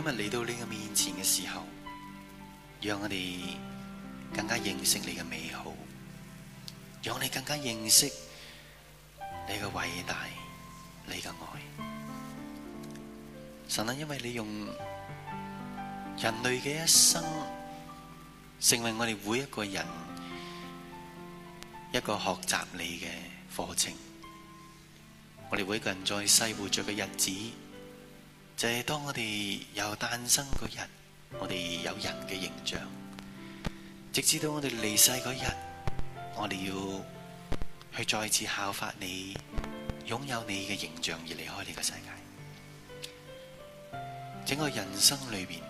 今日嚟到你嘅面前嘅時候，讓我哋更加認識你嘅美好，讓你更加認識你嘅偉大，你嘅愛。神啊，因為你用人類嘅一生，成為我哋每一個人一個學習你嘅課程。我哋每一個人在世活着嘅日子。就係當我哋有誕生嗰日，我哋有人嘅形象；直至到我哋離世嗰日，我哋要去再次效法你，擁有你嘅形象而離開呢個世界。整個人生裏面，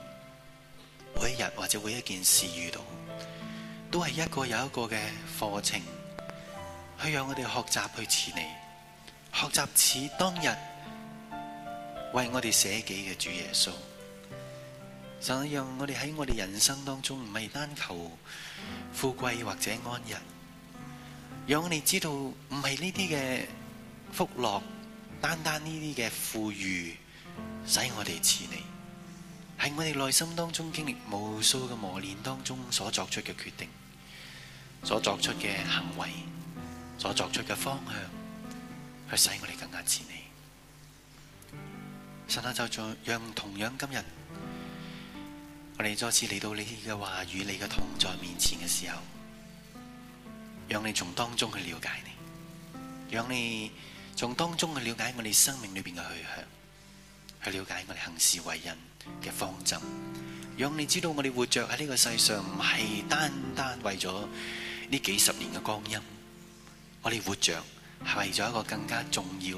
每一日或者每一件事遇到，都係一個又一個嘅課程，去讓我哋學習去似你，學習似當日。為我哋捨己嘅主耶穌，想讓我哋喺我哋人生當中唔係單求富貴或者安逸，讓我哋知道唔係呢啲嘅福樂，單單呢啲嘅富裕使我哋似你。喺我哋內心當中經歷無數嘅磨練當中所作出嘅決定，所作出嘅行為，所作出嘅方向，去使我哋更加似你。神啊，就讓同樣今日，我哋再次嚟到你嘅話語與你嘅同在面前嘅時候，讓你從當中去了解你，讓你從當中去了解我哋生命裏邊嘅去向，去了解我哋行事為人嘅方針，讓你知道我哋活着喺呢個世上唔係單單為咗呢幾十年嘅光陰，我哋活着係為咗一個更加重要，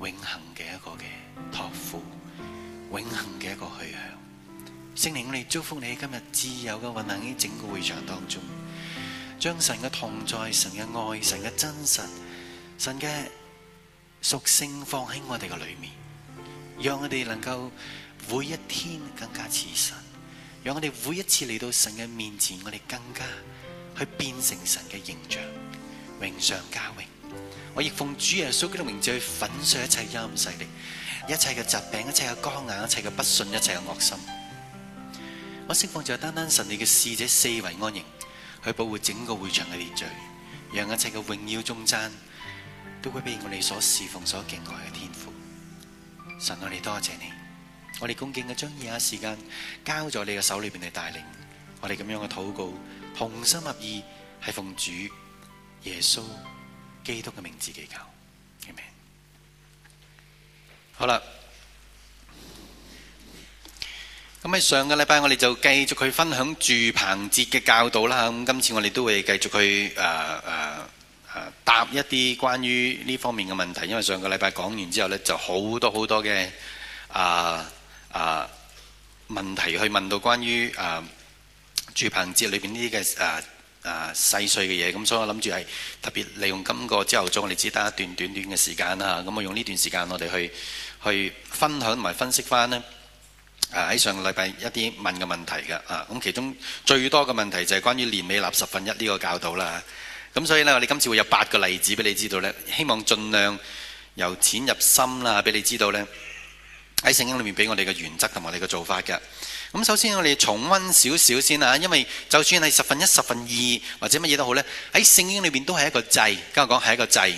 永恆嘅一個嘅託付，永恆嘅一個去向。聖靈，我哋祝福你今日自由嘅運行於整個會場當中，將神嘅同在、神嘅愛、神嘅真實、神嘅屬性放喺我哋嘅裏面，讓我哋能夠每一天更加似神，讓我哋每一次嚟到神嘅面前，我哋更加去變成神嘅形象，榮上加榮。我亦奉主耶穌基督名字去粉碎一切陰勢力，一切嘅疾病，一切嘅光暗，一切嘅不信，一切嘅惡心。我釋放就單單神你嘅使者四圍安營，去保護整個會場嘅秩序，讓一切嘅榮耀中讚，都會俾我哋所侍奉所敬愛嘅天父。神，我哋多謝你，我哋恭敬嘅將以下時間交在你嘅手裏邊嚟帶領，我哋咁樣嘅禱告，同心合意係奉主耶穌。基督嘅名字，記教，明未？好啦，咁喺上個禮拜我哋就繼續去分享住棚節嘅教導啦。咁今次我哋都會繼續去誒誒誒答一啲關於呢方面嘅問題。因為上個禮拜講完之後呢，就好多好多嘅啊啊問題去問到關於誒住棚節裏邊呢啲嘅誒。啊，細碎嘅嘢，咁所以我諗住係特別利用今個朝頭早，我哋只得一段短短嘅時間，咁我用呢段時間，我哋去去分享同埋分析翻呢喺上個禮拜一啲問嘅問題嘅啊，咁其中最多嘅問題就係關於年尾納十分一呢個教導啦，咁所以呢，我哋今次會有八個例子俾你知道呢，希望盡量由淺入深啦，俾你知道呢喺聖經裡面俾我哋嘅原則同埋我哋嘅做法嘅。咁首先我哋重溫少少先啊，因為就算係十分一、十分二或者乜嘢都好呢，喺聖經裏面都係一個祭。跟我講係一個祭，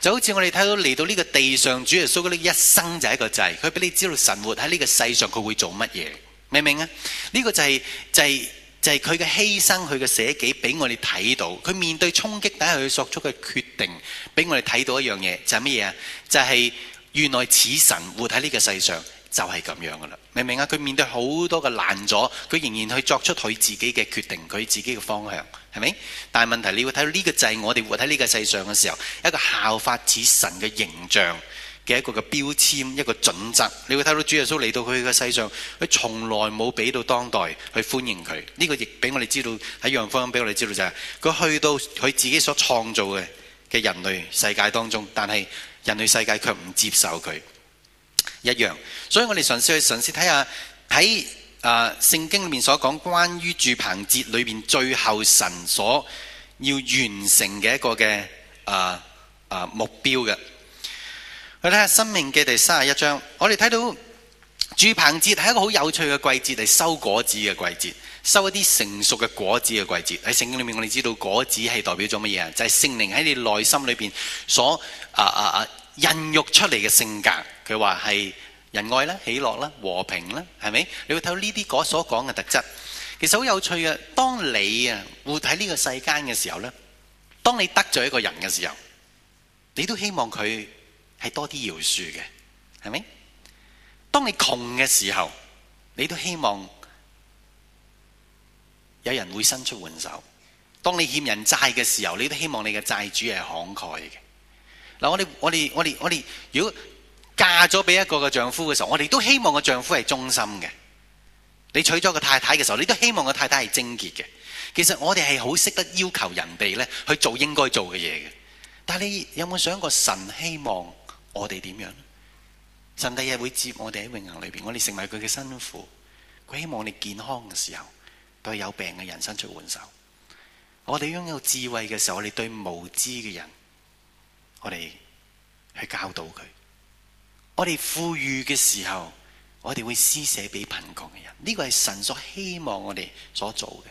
就好似我哋睇到嚟到呢個地上主耶穌嗰啲一生就係一個祭。佢俾你知道神活喺呢個世上佢會做乜嘢，明唔明啊？呢、這個係就係、是、就係佢嘅犧牲，佢嘅捨己俾我哋睇到，佢面對衝擊底下佢作出嘅決定俾我哋睇到一樣嘢，就係乜嘢啊？就係、是、原來此神活喺呢個世上。就係咁樣噶啦，明唔明啊？佢面對好多嘅難阻，佢仍然去作出佢自己嘅決定，佢自己嘅方向係咪？但係問題你會睇到呢個就係我哋活喺呢個世上嘅時候，一個效法似神嘅形象嘅一個嘅標籤，一個準則。你會睇到主耶穌嚟到佢嘅世上，佢從來冇俾到當代去歡迎佢。呢、這個亦俾我哋知道喺樣方向俾我哋知道就係、是、佢去到佢自己所創造嘅嘅人類世界當中，但係人類世界卻唔接受佢一樣。所以我哋嘗試,試去嘗試睇下喺啊、呃、聖經裏面所講關於住棚節裏面最後神所要完成嘅一個嘅啊啊目標嘅，去睇下申命記嘅第三十一章，我哋睇到住棚節係一個好有趣嘅季節，係收果子嘅季節，收一啲成熟嘅果子嘅季節。喺聖經裏面我哋知道果子係代表咗乜嘢啊？就係、是、聖靈喺你內心裏邊所、呃、啊啊啊孕育出嚟嘅性格。佢話係。仁愛啦、喜樂啦、和平啦，係咪？你會睇到呢啲嗰所講嘅特質，其實好有趣嘅。當你啊活喺呢個世間嘅時候咧，當你得罪一個人嘅時候，你都希望佢係多啲饒恕嘅，係咪？當你窮嘅時候，你都希望有人會伸出援手；當你欠人債嘅時候，你都希望你嘅債主係慷慨嘅。嗱，我哋我哋我哋我哋，如果嫁咗俾一個嘅丈夫嘅時候，我哋都希望個丈夫係忠心嘅；你娶咗個太太嘅時候，你都希望個太太係貞潔嘅。其實我哋係好識得要求人哋呢去做應該做嘅嘢嘅。但係你有冇想過神希望我哋點樣呢？神第日會接我哋喺永恆裏邊，我哋成為佢嘅新婦，佢希望你健康嘅時候，對有病嘅人伸出援手。我哋擁有智慧嘅時候，我哋對無知嘅人，我哋去教導佢。我哋富裕嘅時候，我哋會施捨俾貧窮嘅人，呢、這個係神所希望我哋所做嘅。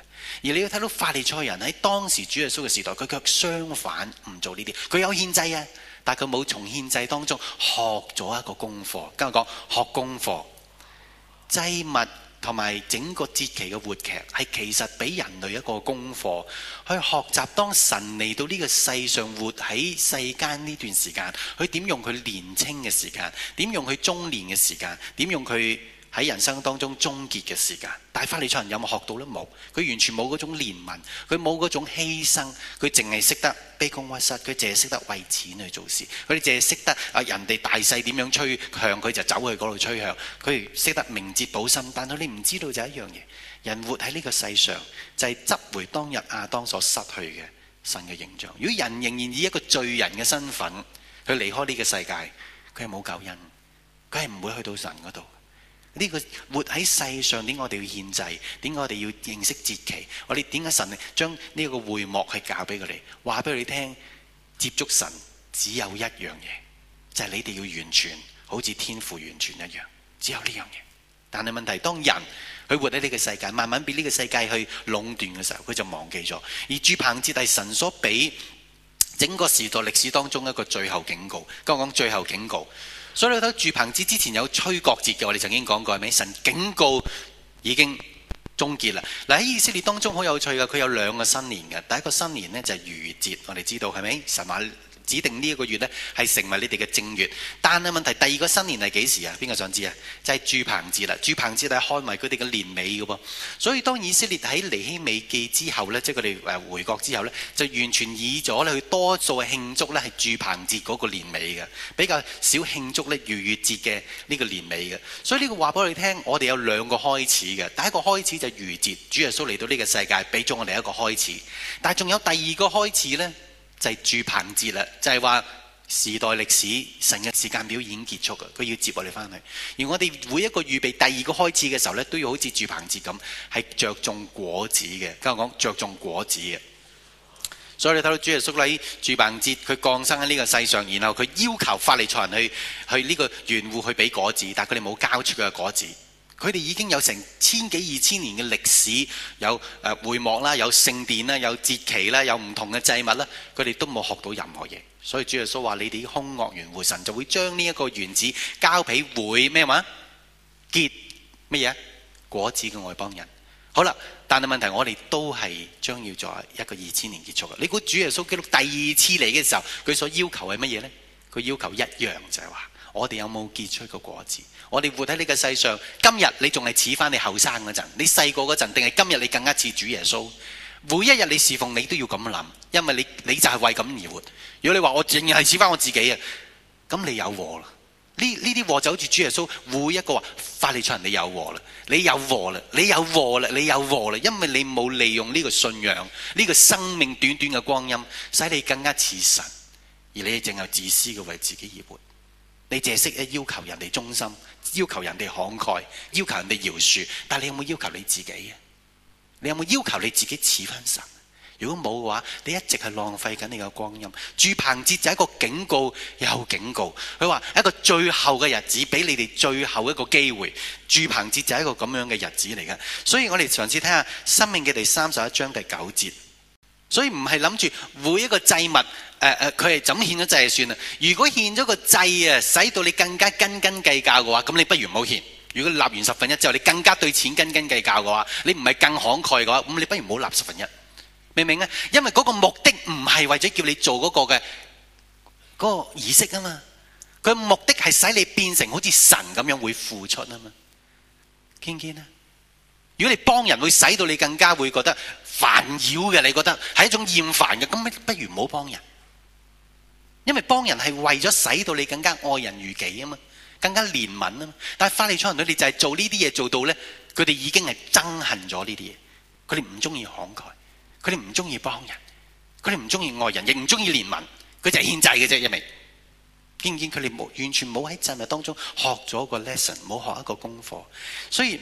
而你要睇到法利賽人喺當時主耶穌嘅時代，佢卻相反唔做呢啲，佢有獻祭啊，但係佢冇從獻祭當中學咗一個功課。跟我講，學功課，祭物。同埋整個節期嘅活劇，係其實俾人類一個功課，去學習當神嚟到呢個世上活喺世間呢段時間，佢點用佢年青嘅時間，點用佢中年嘅時間，點用佢，喺人生當中終結嘅時間，但係法利賽人有冇學到咧？冇，佢完全冇嗰種憐憫，佢冇嗰種犧牲，佢淨係識得卑躬屈膝，佢淨係識得為錢去做事，佢哋淨係識得啊，人哋大細點樣吹向佢，就走去嗰度，吹向佢，識得明哲保身。但係你唔知道就係一樣嘢，人活喺呢個世上就係執回當日亞當所失去嘅神嘅形象。如果人仍然以一個罪人嘅身份去離開呢個世界，佢係冇救恩，佢係唔會去到神嗰度。呢、這個活喺世上點解我哋要獻祭？點解我哋要認識節期？我哋點解神將呢個會幕係教俾佢哋，話俾佢哋聽？接觸神只有一樣嘢，就係、是、你哋要完全，好似天父完全一樣，只有呢樣嘢。但係問題是，當人佢活喺呢個世界，慢慢俾呢個世界去壟斷嘅時候，佢就忘記咗。而住棚節係神所俾整個時代歷史當中一個最後警告。我講最後警告。所以你睇住棚節之前有吹角節嘅，我哋曾經講過係咪？神警告已經終結啦。嗱，喺以色列當中好有趣嘅，佢有兩個新年嘅。第一個新年咧就係逾越節，我哋知道係咪？神話。指定呢一個月呢，係成為你哋嘅正月。但係問題是，第二個新年係幾時啊？邊個想知啊？就係注棚節啦！住棚節係開埋佢哋嘅年尾嘅喎。所以當以色列喺尼希米記之後呢，即係佢哋誒回國之後呢，就完全以咗咧去多數慶祝呢，係住棚節嗰個年尾嘅，比較少慶祝呢，逾越節嘅呢個年尾嘅。所以呢個話俾我哋聽，我哋有兩個開始嘅。第一個開始就逾越節，主耶穌嚟到呢個世界俾咗我哋一個開始。但係仲有第二個開始呢。就係住棚節啦，就係、是、話時代歷史神嘅時間表已經結束嘅，佢要接我哋翻去，而我哋每一個預備第二個開始嘅時候咧，都要好似住棚節咁，係着重果子嘅。跟我講着重果子嘅，所以你睇到主耶穌喺住棚節，佢降生喺呢個世上，然後佢要求法利賽人去去呢個園戶去俾果子，但佢哋冇交出佢嘅果子。佢哋已經有成千幾二千年嘅歷史，有回會幕啦，有聖殿啦，有節期啦，有唔同嘅祭物啦，佢哋都冇學到任何嘢。所以主耶穌話：你哋啲兇惡園戶，就會將呢一個園子交俾會咩話結乜嘢果子嘅外邦人。好啦，但係問題係，我哋都係將要在一個二千年結束嘅。你估主耶穌基督第二次嚟嘅時候，佢所要求係乜嘢呢？佢要求一樣就係、是、話。我哋有冇結出個果子？我哋活喺呢個世上，今日你仲係似翻你後生嗰陣，你細個嗰陣定係今日你更加似主耶穌？每一日你侍奉，你都要咁諗，因為你你就係為咁而活。如果你話我淨係係似翻我自己啊，咁你有禍啦。呢呢啲禍就好似主耶穌，每一個話法利賽人，你有禍啦，你有禍啦，你有禍啦，你有禍啦，因為你冇利用呢個信仰，呢、呢個生命短短嘅光陰，使你更加似神，而你淨係自私嘅為自己而活。你淨係識要求人哋忠心，要求人哋慷慨，要求人哋饒恕，但係你有冇要求你自己啊？你有冇要求你自己侍奉神？如果冇嘅話，你一直係浪費緊你嘅光陰。住棚節就係一個警告，又警告，佢話一個最後嘅日子，俾你哋最後一個機會。住棚節就係一個咁樣嘅日子嚟嘅，所以我哋嘗試聽下《生命嘅》第三十一章嘅九節。所以唔係諗住每一個祭物，誒、呃、誒，佢、呃、係怎麼獻咗祭就算啦？如果獻咗個祭啊，使到你更加斤斤計較嘅話，咁你不如唔好獻。如果立完十分一之後，你更加對錢斤斤計較嘅話，你唔係更慷慨嘅話，咁你不如唔好立十分一，明唔明啊？因為嗰個目的唔係為咗叫你做嗰個嘅嗰、嗰個儀式啊嘛，佢目的係使你變成好似神咁樣會付出啊嘛。堅堅啊，如果你幫人，會使到你更加會覺得。煩擾嘅，你覺得係一種厭煩嘅，咁不如唔好幫人，因為幫人係為咗使到你更加愛人如己啊嘛，更加憐憫啊嘛。但係法利賽人隊，你就係做呢啲嘢做到咧，佢哋已經係憎恨咗呢啲嘢，佢哋唔中意慷慨，佢哋唔中意幫人，佢哋唔中意愛人，亦唔中意憐憫，佢就係欠債嘅啫。因為見唔見佢哋冇完全冇喺陣日當中學咗個 lesson，冇學一個功課，所以。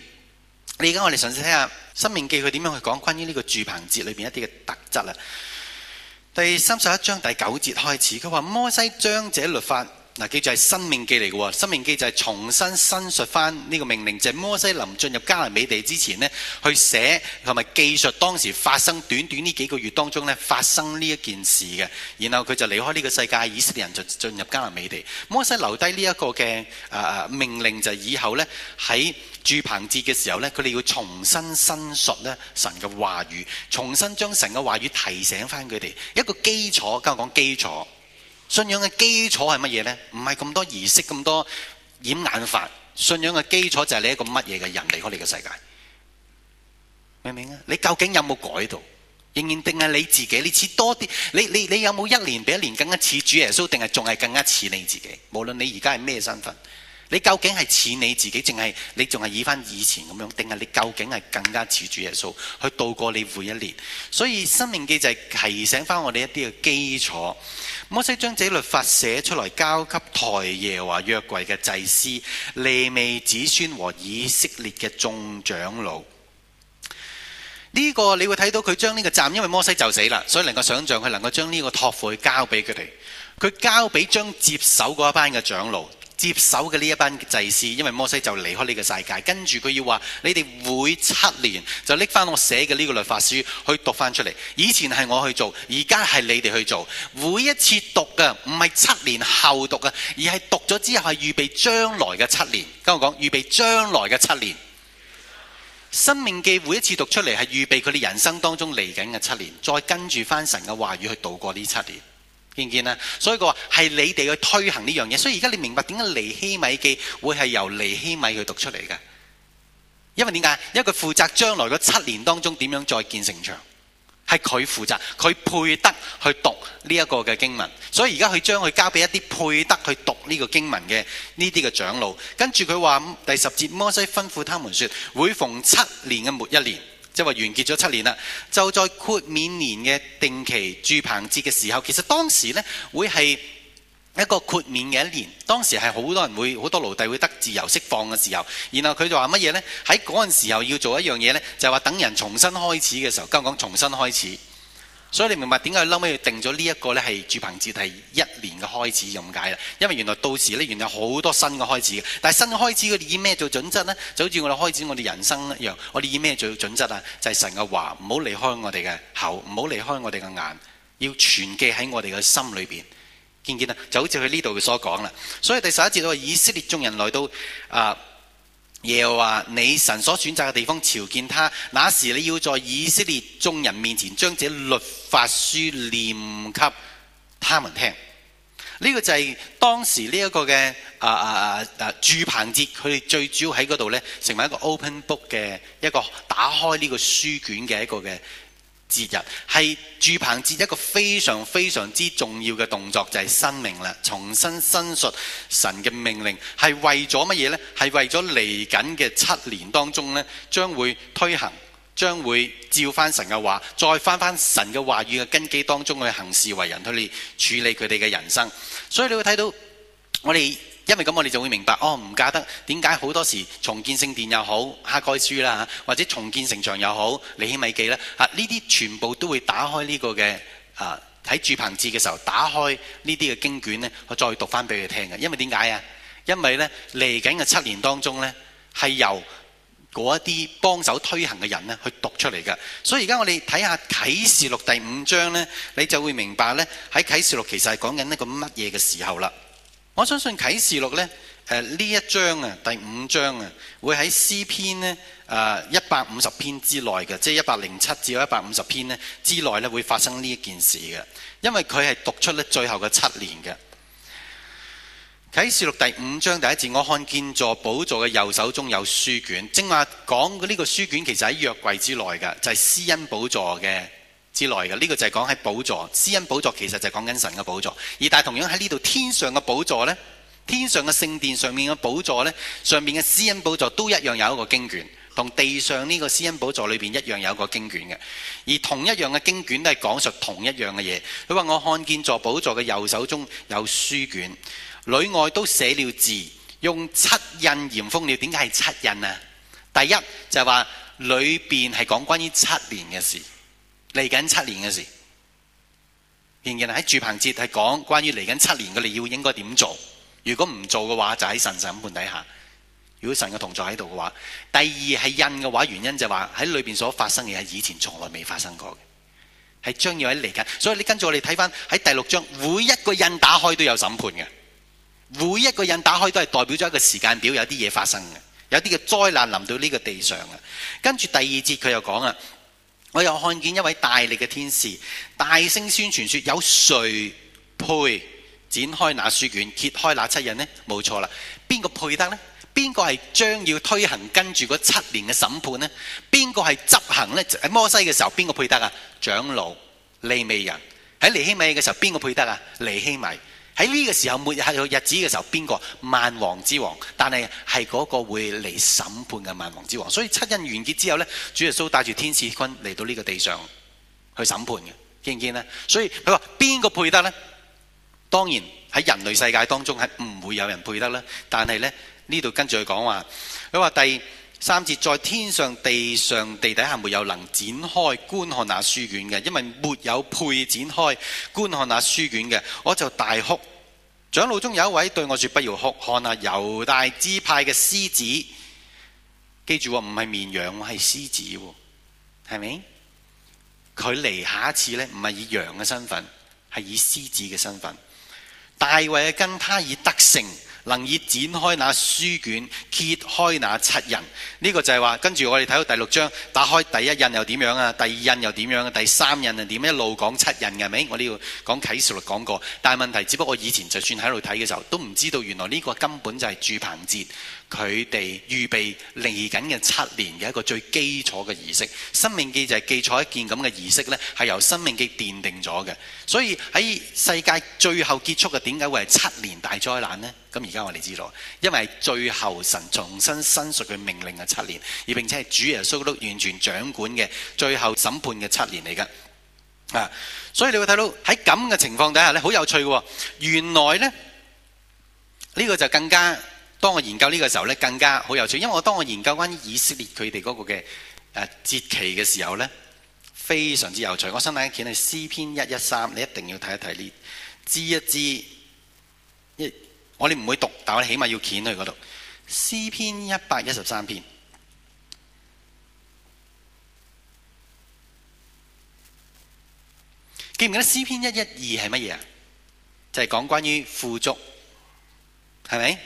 你而家我哋嘗試看下《生命記》佢點樣去講關於呢個住棚節裏面一啲嘅特質啦。第三十一章第九節開始，佢話摩西將這律法。嗱，記住係生命記嚟嘅喎，生命記就係重新申述翻呢個命令，就係、是、摩西臨進入迦南美地之前呢，去寫同埋記述當時發生短短呢幾個月當中呢，發生呢一件事嘅，然後佢就離開呢個世界，以色列人就進入迦南美地。摩西留低呢一個嘅誒命令，就係、以後呢喺住棚節嘅時候呢，佢哋要重新申述呢神嘅話語，重新將神嘅話語提醒翻佢哋一個基礎，今日講基礎。信仰嘅基礎係乜嘢呢？唔係咁多儀式，咁多掩眼法。信仰嘅基礎就係你一個乜嘢嘅人離開你嘅世界，明唔明啊？你究竟有冇改到？仍然定係你自己？你似多啲？你你你，你有冇一年比一年更加似主耶穌？定係仲係更加似你自己？無論你而家係咩身份，你究竟係似你自己，定係你仲係以翻以前咁樣？定係你究竟係更加似主耶穌去度過你每一年？所以生命記就係、是、提醒翻我哋一啲嘅基礎。摩西將這律法寫出來，交給抬耶和華約櫃嘅祭司利未子孫和以色列嘅眾長老。呢、這個你會睇到佢將呢個站，因為摩西就死啦，所以能夠想象，佢能夠將呢個託付去交俾佢哋，佢交俾將接手嗰一班嘅長老。接手嘅呢一班祭司，因為摩西就離開呢個世界，跟住佢要話：你哋每七年就拎翻我寫嘅呢個律法書去讀翻出嚟。以前係我去做，而家係你哋去做。每一次讀嘅唔係七年後讀嘅，而係讀咗之後係預備將來嘅七年。跟我講，預備將來嘅七年，申命記每一次讀出嚟係預備佢哋人生當中嚟緊嘅七年，再跟住翻神嘅話語去度過呢七年。見唔見啊，所以佢話係你哋去推行呢樣嘢，所以而家你明白點解尼希米記會係由尼希米去讀出嚟嘅？因為點解？因為佢負責將來嘅七年當中點樣再建城牆，係佢負責，佢配得去讀呢一個嘅經文，所以而家佢將佢交俾一啲配得去讀呢個經文嘅呢啲嘅長老，跟住佢話第十節，摩西吩咐他們說：每逢七年嘅末一年。因為完結咗七年啦，就在豁免年嘅定期住棚節嘅時候，其實當時呢會係一個豁免嘅一年，當時係好多人會好多奴隸會得自由釋放嘅時候，然後佢就話乜嘢呢？喺嗰陣時候要做一樣嘢呢，就係話等人重新開始嘅時候，今日講重新開始。所以你明白點解佢嬲尾要定咗呢一個呢係住棚節係一年嘅開始咁解啦？因為原來到時呢，原來好多新嘅開始嘅。但係新嘅開始，佢哋以咩做準則呢？就好似我哋開始我哋人生一樣，我哋以咩做準則啊？就係、是、神嘅話，唔好離開我哋嘅口，唔好離開我哋嘅眼，要存記喺我哋嘅心裡邊。見唔見啊？就好似佢呢度嘅所講啦。所以第十一節都以色列眾人來到啊。耶和華你神所選擇嘅地方，朝見他，那時你要在以色列眾人面前將這律法書念給他們聽。呢、這個就係當時呢一個嘅啊啊啊啊！住、啊啊、棚節佢哋最主要喺嗰度呢成為一個 open book 嘅一個打開呢個書卷嘅一個嘅。節日係住棚節一個非常非常之重要嘅動作，就係、是、申命啦，重新申述神嘅命令，係為咗乜嘢咧？係為咗嚟緊嘅七年當中咧，將會推行，將會照翻神嘅話，再翻翻神嘅話語嘅根基當中去行事為人，去處理佢哋嘅人生。所以你會睇到我哋。因為咁，我哋就會明白哦，唔怪得，點解好多時重建聖殿又好，哈該書啦吓，或者重建城牆又好，尼希米記，啦吓，呢啲全部都會打開呢個嘅啊喺住棚節嘅時候，打開呢啲嘅經卷咧，去再讀翻俾佢聽嘅。因為點解啊？因為咧，嚟緊嘅七年當中咧，係由嗰一啲幫手推行嘅人咧去讀出嚟嘅。所以而家我哋睇下啟示錄第五章咧，你就會明白咧喺啟示錄其實係講緊一個乜嘢嘅時候啦。我相信啟示錄呢，誒呢一章啊，第五章啊，會喺詩篇呢，啊一百五十篇之內嘅，即係一百零七至一百五十篇呢之內呢，會發生呢一件事嘅，因為佢係讀出呢最後嘅七年嘅。啟示錄第五章第一節，我看見坐寶座嘅右手中有書卷，正話講呢個書卷其實喺約櫃之內嘅，就係、是、施恩寶座嘅。之內嘅呢個就係講喺寶座施恩寶座，施恩寶座其實就係講緊神嘅寶座。而但係同樣喺呢度天上嘅寶座呢，天上嘅聖殿上面嘅寶座呢，上面嘅施恩寶座都一樣有一個經卷，同地上呢個施恩寶座裏面一樣有一個經卷嘅。而同一樣嘅經卷都係講述同一樣嘅嘢。佢話：我看見座寶座嘅右手中有書卷，裏外都寫了字，用七印嚴封了。點解係七印啊？第一就係話裏邊係講關於七年嘅事。嚟緊七年嘅事，仍然喺住棚節係講關於嚟緊七年嘅你要應該點做？如果唔做嘅話，就喺神審判底下。如果神嘅同在喺度嘅話，第二係印嘅話，原因就話喺裏邊所發生嘅嘢係以前從來未發生過嘅，係將要喺嚟緊。所以你跟住我哋睇翻喺第六章，每一個印打開都有審判嘅，每一個印打開都係代表咗一個時間表有，有啲嘢發生嘅，有啲嘅災難臨到呢個地上嘅。跟住第二節佢又講啊。我又看見一位大力嘅天使，大聲宣傳說：有誰配展開那書卷、揭開那七印呢？冇錯啦，邊個配得呢？邊個係將要推行跟住嗰七年嘅審判呢？邊個係執行呢？喺摩西嘅時候，邊個配得啊？長老、利未人。喺尼希米嘅時候，邊個配得啊？尼希米。喺呢個時候末日日子嘅時候，邊個萬王之王？但係係嗰個會嚟審判嘅萬王之王。所以七印完結之後呢，主耶穌帶住天使軍嚟到呢個地上去審判嘅，見唔見呢？所以佢話邊個配得呢？當然喺人類世界當中係唔會有人配得呢。但係呢，呢度跟住佢講話，佢話第三節在天上、地上、地底下沒有能展開觀看那書卷嘅，因為沒有配展開觀看那書卷嘅，我就大哭。長老中有一位對我說：不要哭，看啊，猶大支派嘅獅子，記住喎，唔係綿羊，係獅子，係咪？佢嚟下一次呢，唔係以羊嘅身份，係以獅子嘅身份。大衛跟他已得勝。能以展開那書卷，揭開那七人，呢、這個就係話跟住我哋睇到第六章，打開第一印又點樣啊？第二印又點樣啊？第三印又點？一路講七印嘅，係咪？我呢度講啟示錄講過，但係問題只不過以前就算喺度睇嘅時候，都唔知道原來呢個根本就係住棚節。佢哋預備嚟緊嘅七年嘅一個最基礎嘅儀式，生命記就係記錯一件咁嘅儀式呢，係由生命記奠定咗嘅。所以喺世界最後結束嘅點解會係七年大災難呢？咁而家我哋知道，因為最後神重新申述佢命令嘅七年，而並且係主耶穌都完全掌管嘅最後審判嘅七年嚟噶。啊，所以你會睇到喺咁嘅情況底下呢，好有趣喎。原來呢，呢個就更加。當我研究呢個時候咧，更加好有趣。因為我當我研究關於以色列佢哋嗰個嘅誒節期嘅時候咧，非常之有趣。我想睇下，其實詩篇一一三，你一定要睇一睇呢，知一知，一我哋唔會讀，但我哋起碼要捲去嗰度。詩篇一百一十三篇，記唔記得詩篇一一二係乜嘢啊？就係、是、講關於富足，係咪？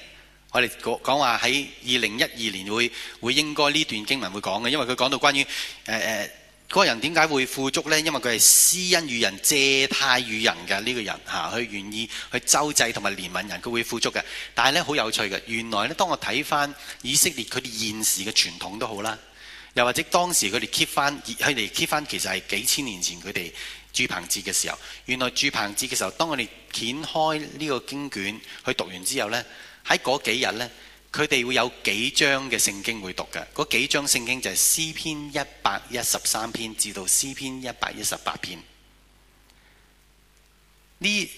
我哋講講話喺二零一二年會會應該呢段經文會講嘅，因為佢講到關於誒誒個人點解會富足呢？因為佢係施恩與人、借貸與人嘅呢，這個人嚇，佢，啊、願意去周濟同埋憐憫人，佢會富足嘅。但係呢，好有趣嘅，原來呢，當我睇翻以色列佢哋現時嘅傳統都好啦，又或者當時佢哋 keep 翻，佢哋 keep 翻其實係幾千年前佢哋住棚節嘅時候。原來住棚節嘅時候，當我哋掀開呢個經卷去讀完之後呢。喺嗰幾日呢，佢哋會有幾張嘅聖經會讀嘅。嗰幾張聖經就係詩篇一百一十三篇至到詩篇一百一十八篇。呢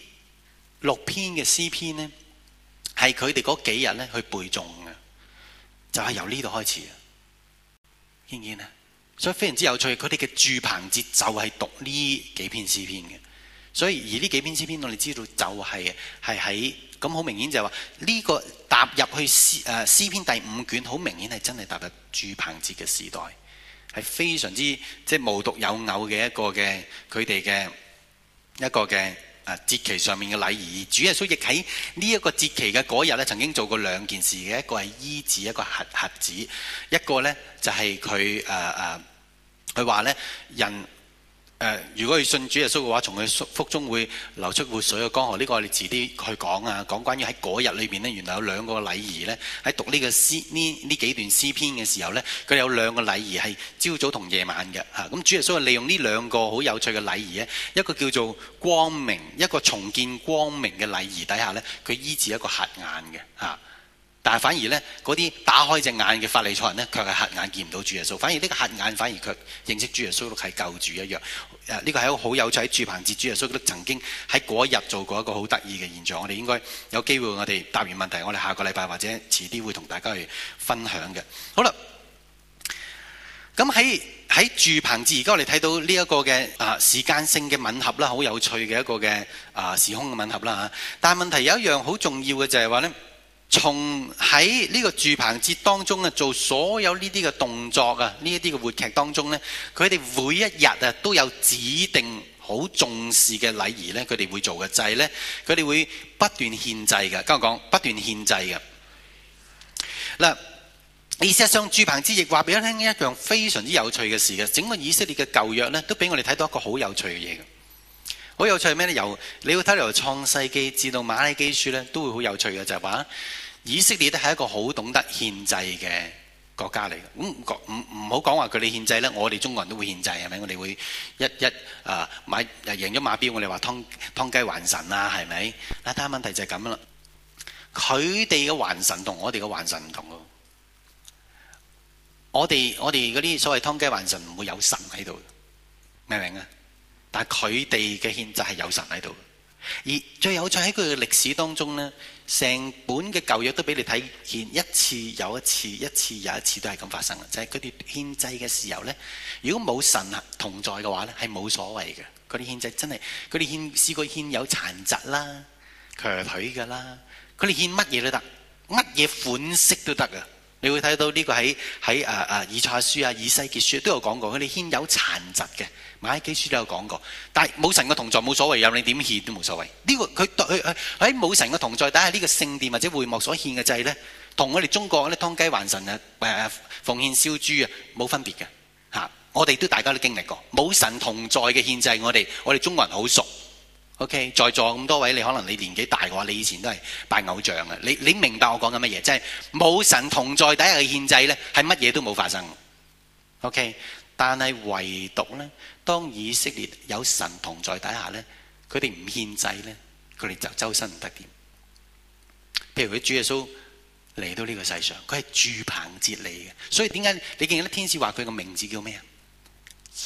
六篇嘅詩篇呢，係佢哋嗰幾日咧去背誦嘅，就係由呢度開始啊。見唔見啊？所以非常之有趣，佢哋嘅住棚節就係讀呢幾篇詩篇嘅。所以而呢幾篇詩篇，我哋知道就係係喺，咁好明顯就係話呢個踏入去詩、誒詩篇第五卷，好明顯係真係踏入住棚節嘅時代，係非常之即係、就是、無獨有偶嘅一個嘅佢哋嘅一個嘅誒節期上面嘅禮儀。主耶穌亦喺呢一個節期嘅嗰日咧，曾經做過兩件事嘅，一個係醫治，一個核核子，一個咧就係佢誒誒佢話咧人。誒、呃，如果佢信主耶穌嘅話，從佢腹中會流出活水嘅江河，呢、這個我哋遲啲去講啊。講關於喺嗰日裏邊呢，原來有兩個禮儀呢。喺讀呢個詩呢呢幾段詩篇嘅時候呢，佢有兩個禮儀係朝早同夜晚嘅嚇。咁、嗯、主耶穌利用呢兩個好有趣嘅禮儀咧，一個叫做光明，一個重見光明嘅禮儀底下呢，佢醫治一個瞎眼嘅嚇。嗯但係反而咧，嗰啲打開隻眼嘅法利賽人呢，卻係瞎眼見唔到主耶穌。反而呢個瞎眼反而卻認識主耶穌，碌係救主一樣。誒，呢個係一個好有趣喺住棚節主耶穌碌曾經喺嗰一日做過一個好得意嘅現象。我哋應該有機會，我哋答完問題，我哋下個禮拜或者遲啲會同大家去分享嘅。好啦，咁喺喺住棚節而家我哋睇到呢、啊、一個嘅啊時間性嘅吻合啦，好有趣嘅一個嘅啊時空嘅吻合啦嚇。但係問題有一樣好重要嘅就係話咧。從喺呢個住棚節當中啊，做所有呢啲嘅動作啊，呢一啲嘅活劇當中呢，佢哋每一日啊都有指定好重視嘅禮儀呢。佢哋會做嘅祭、就係、呢，佢哋會不斷獻祭嘅。跟我講，不斷獻祭嘅。嗱、啊，事實上住棚節亦話俾我聽一樣非常之有趣嘅事嘅，整個以色列嘅舊約呢，都俾我哋睇到一個好有趣嘅嘢嘅。好有趣係咩呢？由你要睇由創世記至到馬拉基書呢，都會好有趣嘅，就係、是、話。以色列都係一個好懂得獻祭嘅國家嚟嘅，咁唔唔好講話佢哋獻祭呢，我哋中國人都會獻祭係咪？我哋會一一啊買贏咗馬標，我哋話劏劏雞還神啦，係咪？但係問題就係咁啦，佢哋嘅還神同我哋嘅還神唔同。我哋我哋嗰啲所謂劏雞還神唔會有神喺度，明唔明啊？但係佢哋嘅獻祭係有神喺度，而最有趣喺佢嘅歷史當中呢。成本嘅舊約都俾你睇見一次，又一次，一次又一次都係咁發生啦。就係佢哋獻祭嘅時候呢，如果冇神同在嘅話呢，係冇所謂嘅。佢哋獻祭真係，佢哋獻試過獻有殘疾啦、瘸腿㗎啦，佢哋獻乜嘢都得，乜嘢款式都得。你會睇到呢個喺喺啊、啊以賽亞書啊以西結書都有講過，佢哋牽有殘疾嘅瑪拉基書都有講過，但係冇神嘅同在冇所謂，有你點獻都冇所謂。呢個佢喺喺冇神嘅同在，但係呢個聖殿或者會幕所獻嘅祭咧，同我哋中國嗰啲湯雞還神啊誒，奉獻燒豬啊冇分別嘅吓，我哋都大家都經歷過冇神同在嘅獻祭，我哋我哋中國人好熟。OK，在座咁多位，你可能你年紀大嘅話，你以前都係拜偶像嘅。你你明白我講緊乜嘢？即係冇神同在底下嘅憲制獻祭呢，係乜嘢都冇發生。OK，但係唯獨呢，當以色列有神同在底下呢，佢哋唔獻祭呢，佢哋就周身唔得掂。譬如佢主耶穌嚟到呢個世上，佢係住棚節嚟嘅。所以點解你見到天使話佢個名字叫咩啊？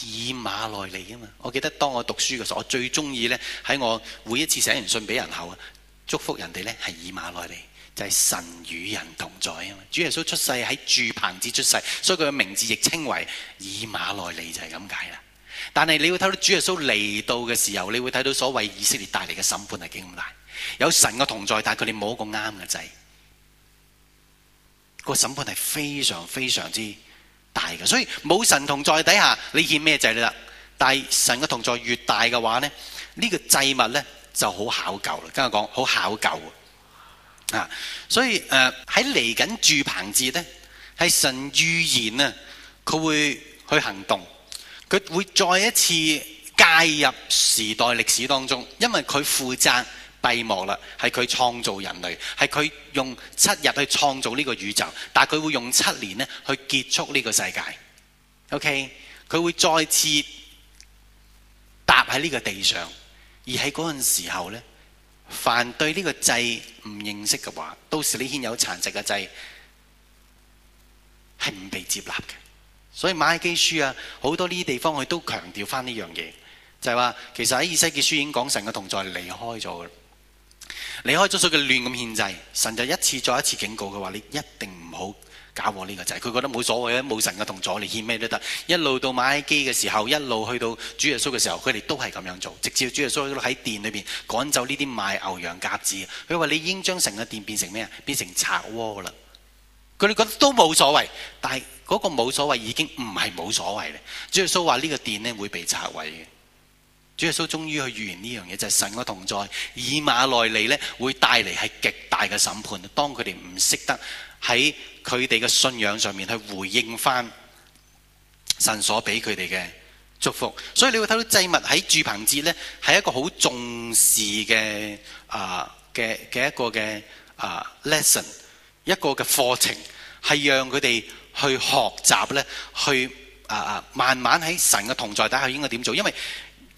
以馬內利啊嘛！我記得當我讀書嘅時候，我最中意呢，喺我每一次寫完信俾人後，祝福人哋呢係以馬內利，就係、是、神與人同在啊嘛！主耶穌出世喺住棚節出世，所以佢嘅名字亦稱為以馬內利，就係咁解啦。但係你會睇到主耶穌嚟到嘅時候，你會睇到所謂以色列帶嚟嘅審判係幾咁大，有神嘅同在，但係佢哋冇一個啱嘅劑，那個審判係非常非常之大嘅，所以冇神同在底下，你獻咩祭都得。但係神嘅同在越大嘅話呢呢、呢個祭物呢就好考究啦。跟我講好考究啊！所以誒喺嚟緊住棚節呢，係神預言啊，佢會去行動，佢會再一次介入時代歷史當中，因為佢負責。閉幕啦，係佢創造人類，係佢用七日去創造呢個宇宙，但係佢會用七年咧去結束呢個世界。OK，佢會再次搭喺呢個地上，而喺嗰陣時候咧，凡對呢個祭唔認識嘅話，到時你牽有殘疾嘅祭，係唔被接納嘅。所以瑪拉基書啊，好多呢啲地方佢都強調翻呢樣嘢，就係、是、話其實喺以西結書已經講神嘅同在離開咗。離開咗所嘅亂咁獻祭，神就一次再一次警告佢話，你一定唔好搞我呢個仔。佢覺得冇所謂啊，冇神嘅同阻你獻咩都得。一路到買機嘅時候，一路去到主耶穌嘅時候，佢哋都係咁樣做。直至主耶穌喺殿裏邊趕走呢啲賣牛羊鴿子，佢話你已經將成個殿變成咩啊？變成賊窩啦！佢哋覺得都冇所謂，但係嗰個冇所謂已經唔係冇所謂咧。主耶穌話呢個殿呢會被拆毀嘅。主耶穌終於去預言呢樣嘢，就係、是、神嘅同在。以馬內利咧，會帶嚟係極大嘅審判。當佢哋唔識得喺佢哋嘅信仰上面去回應翻神所俾佢哋嘅祝福，所以你會睇到祭物喺住棚節咧，係一個好重視嘅啊嘅嘅一個嘅啊、呃、lesson，一個嘅課程，係讓佢哋去學習咧，去啊啊、呃、慢慢喺神嘅同在底下應該點做，因為。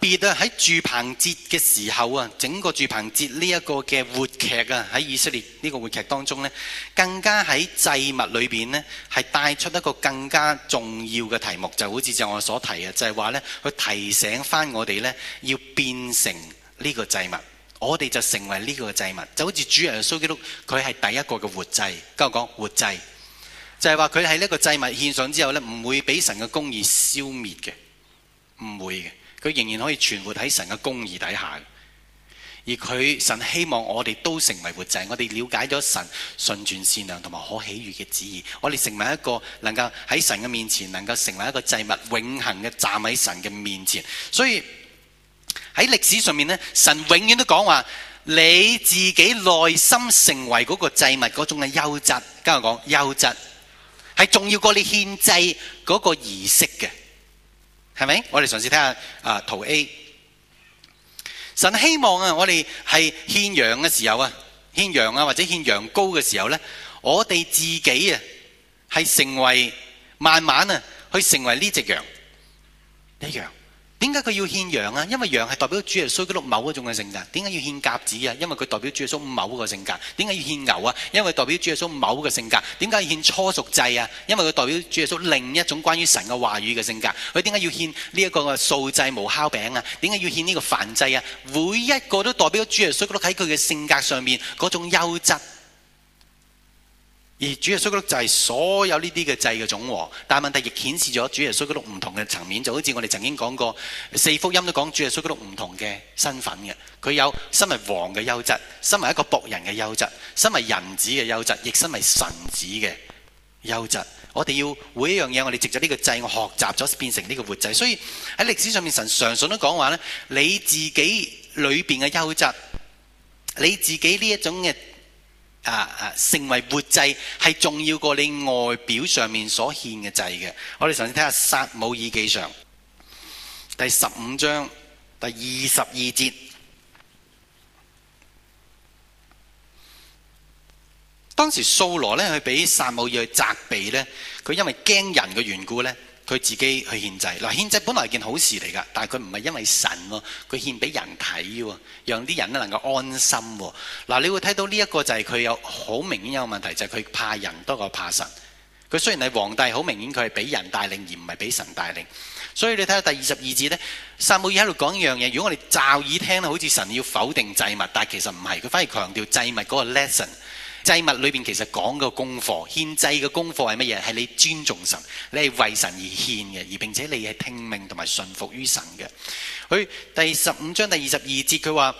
特別啊！喺住棚節嘅時候啊，整個住棚節呢一個嘅活劇啊，喺以色列呢個活劇當中呢，更加喺祭物裏邊呢，係帶出一個更加重要嘅題目，就好似就我所提嘅，就係話呢，去提醒返我哋呢，要變成呢個祭物，我哋就成為呢個祭物，就好似主耶穌基督，佢係第一個嘅活祭，跟我講活祭，就係話佢喺呢個祭物獻上之後呢，唔會俾神嘅公義消滅嘅，唔會嘅。佢仍然可以存活喺神嘅公義底下，而佢神希望我哋都成為活祭，我哋了解咗神純全善良同埋可喜悅嘅旨意，我哋成為一個能夠喺神嘅面前，能夠成為一個祭物，永恒嘅站喺神嘅面前。所以喺歷史上面呢，神永遠都講話，你自己內心成為嗰個祭物嗰種嘅優質，跟我講優質係重要過你獻祭嗰個儀式嘅。係咪是是？我哋嘗試睇下啊，圖 A。神希望啊，我哋係獻羊嘅時候啊，獻羊啊，或者獻羊羔嘅時候咧，我哋自己啊，係成為慢慢啊，去成為呢隻羊，呢隻羊一樣。點解佢要獻羊啊？因為羊係代表主耶穌基督某一種嘅性格。點解要獻鴿子啊？因為佢代表主耶穌某個性格。點解要獻牛啊？因為代表主耶穌某個性格。點解要獻初熟祭啊？因為佢代表主耶穌另一種關於神嘅話語嘅性格。佢點解要獻呢一個素祭無酵餅啊？點解要獻呢個燔祭啊？每一個都代表主耶穌基督喺佢嘅性格上面嗰種優質。而主耶穌基督就係所有呢啲嘅祭嘅總和，但問題亦顯示咗主耶穌基督唔同嘅層面，就好似我哋曾經講過，四福音都講主耶穌基督唔同嘅身份嘅，佢有身為王嘅優質，身為一個僕人嘅優質，身為人子嘅優質，亦身為神子嘅優質。我哋要每一樣嘢，我哋藉咗呢個祭，我學習咗變成呢個活祭。所以喺歷史上面，神常常都講話呢你自己裏邊嘅優質，你自己呢一種嘅。啊啊！成為活祭係重要過你外表上面所獻嘅祭嘅。我哋首先睇下撒母耳記上第十五章第二十二節，當時掃羅咧去俾撒母耳去責備呢，佢因為驚人嘅緣故呢。佢自己去獻祭，嗱獻祭本來係件好事嚟噶，但係佢唔係因為神喎，佢獻俾人睇喎，讓啲人咧能夠安心喎。嗱，你會睇到呢一個就係佢有好明顯有問題，就係佢怕人多過怕神。佢雖然係皇帝，好明顯佢係俾人帶領而唔係俾神帶領。所以你睇下第二十二節呢，撒母耳喺度講一樣嘢。如果我哋驟耳聽好似神要否定祭物，但係其實唔係，佢反而強調祭物嗰個 lesson。祭物裏邊其實講個功課，獻祭嘅功課係乜嘢？係你尊重神，你係為神而獻嘅，而並且你係聽命同埋順服於神嘅。佢第十五章第二十二節佢話：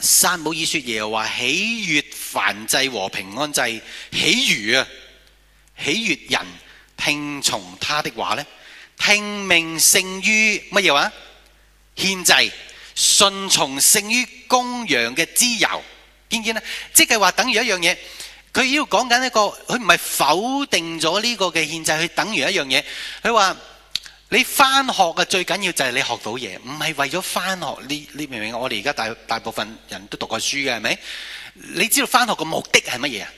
撒母耳說耶和華喜悅燔祭和平安祭，喜如啊，喜悅人聽從他的話呢。聽命勝於乜嘢話？獻祭，順從勝於公羊嘅脂油。偏偏咧，即係話等於一樣嘢，佢要講緊一個，佢唔係否定咗呢個嘅限制，佢等於一樣嘢。佢話你翻學嘅最緊要就係你學到嘢，唔係為咗翻學。你你明唔明？我哋而家大大部分人都讀過書嘅，係咪？你知道翻學嘅目的係乜嘢啊？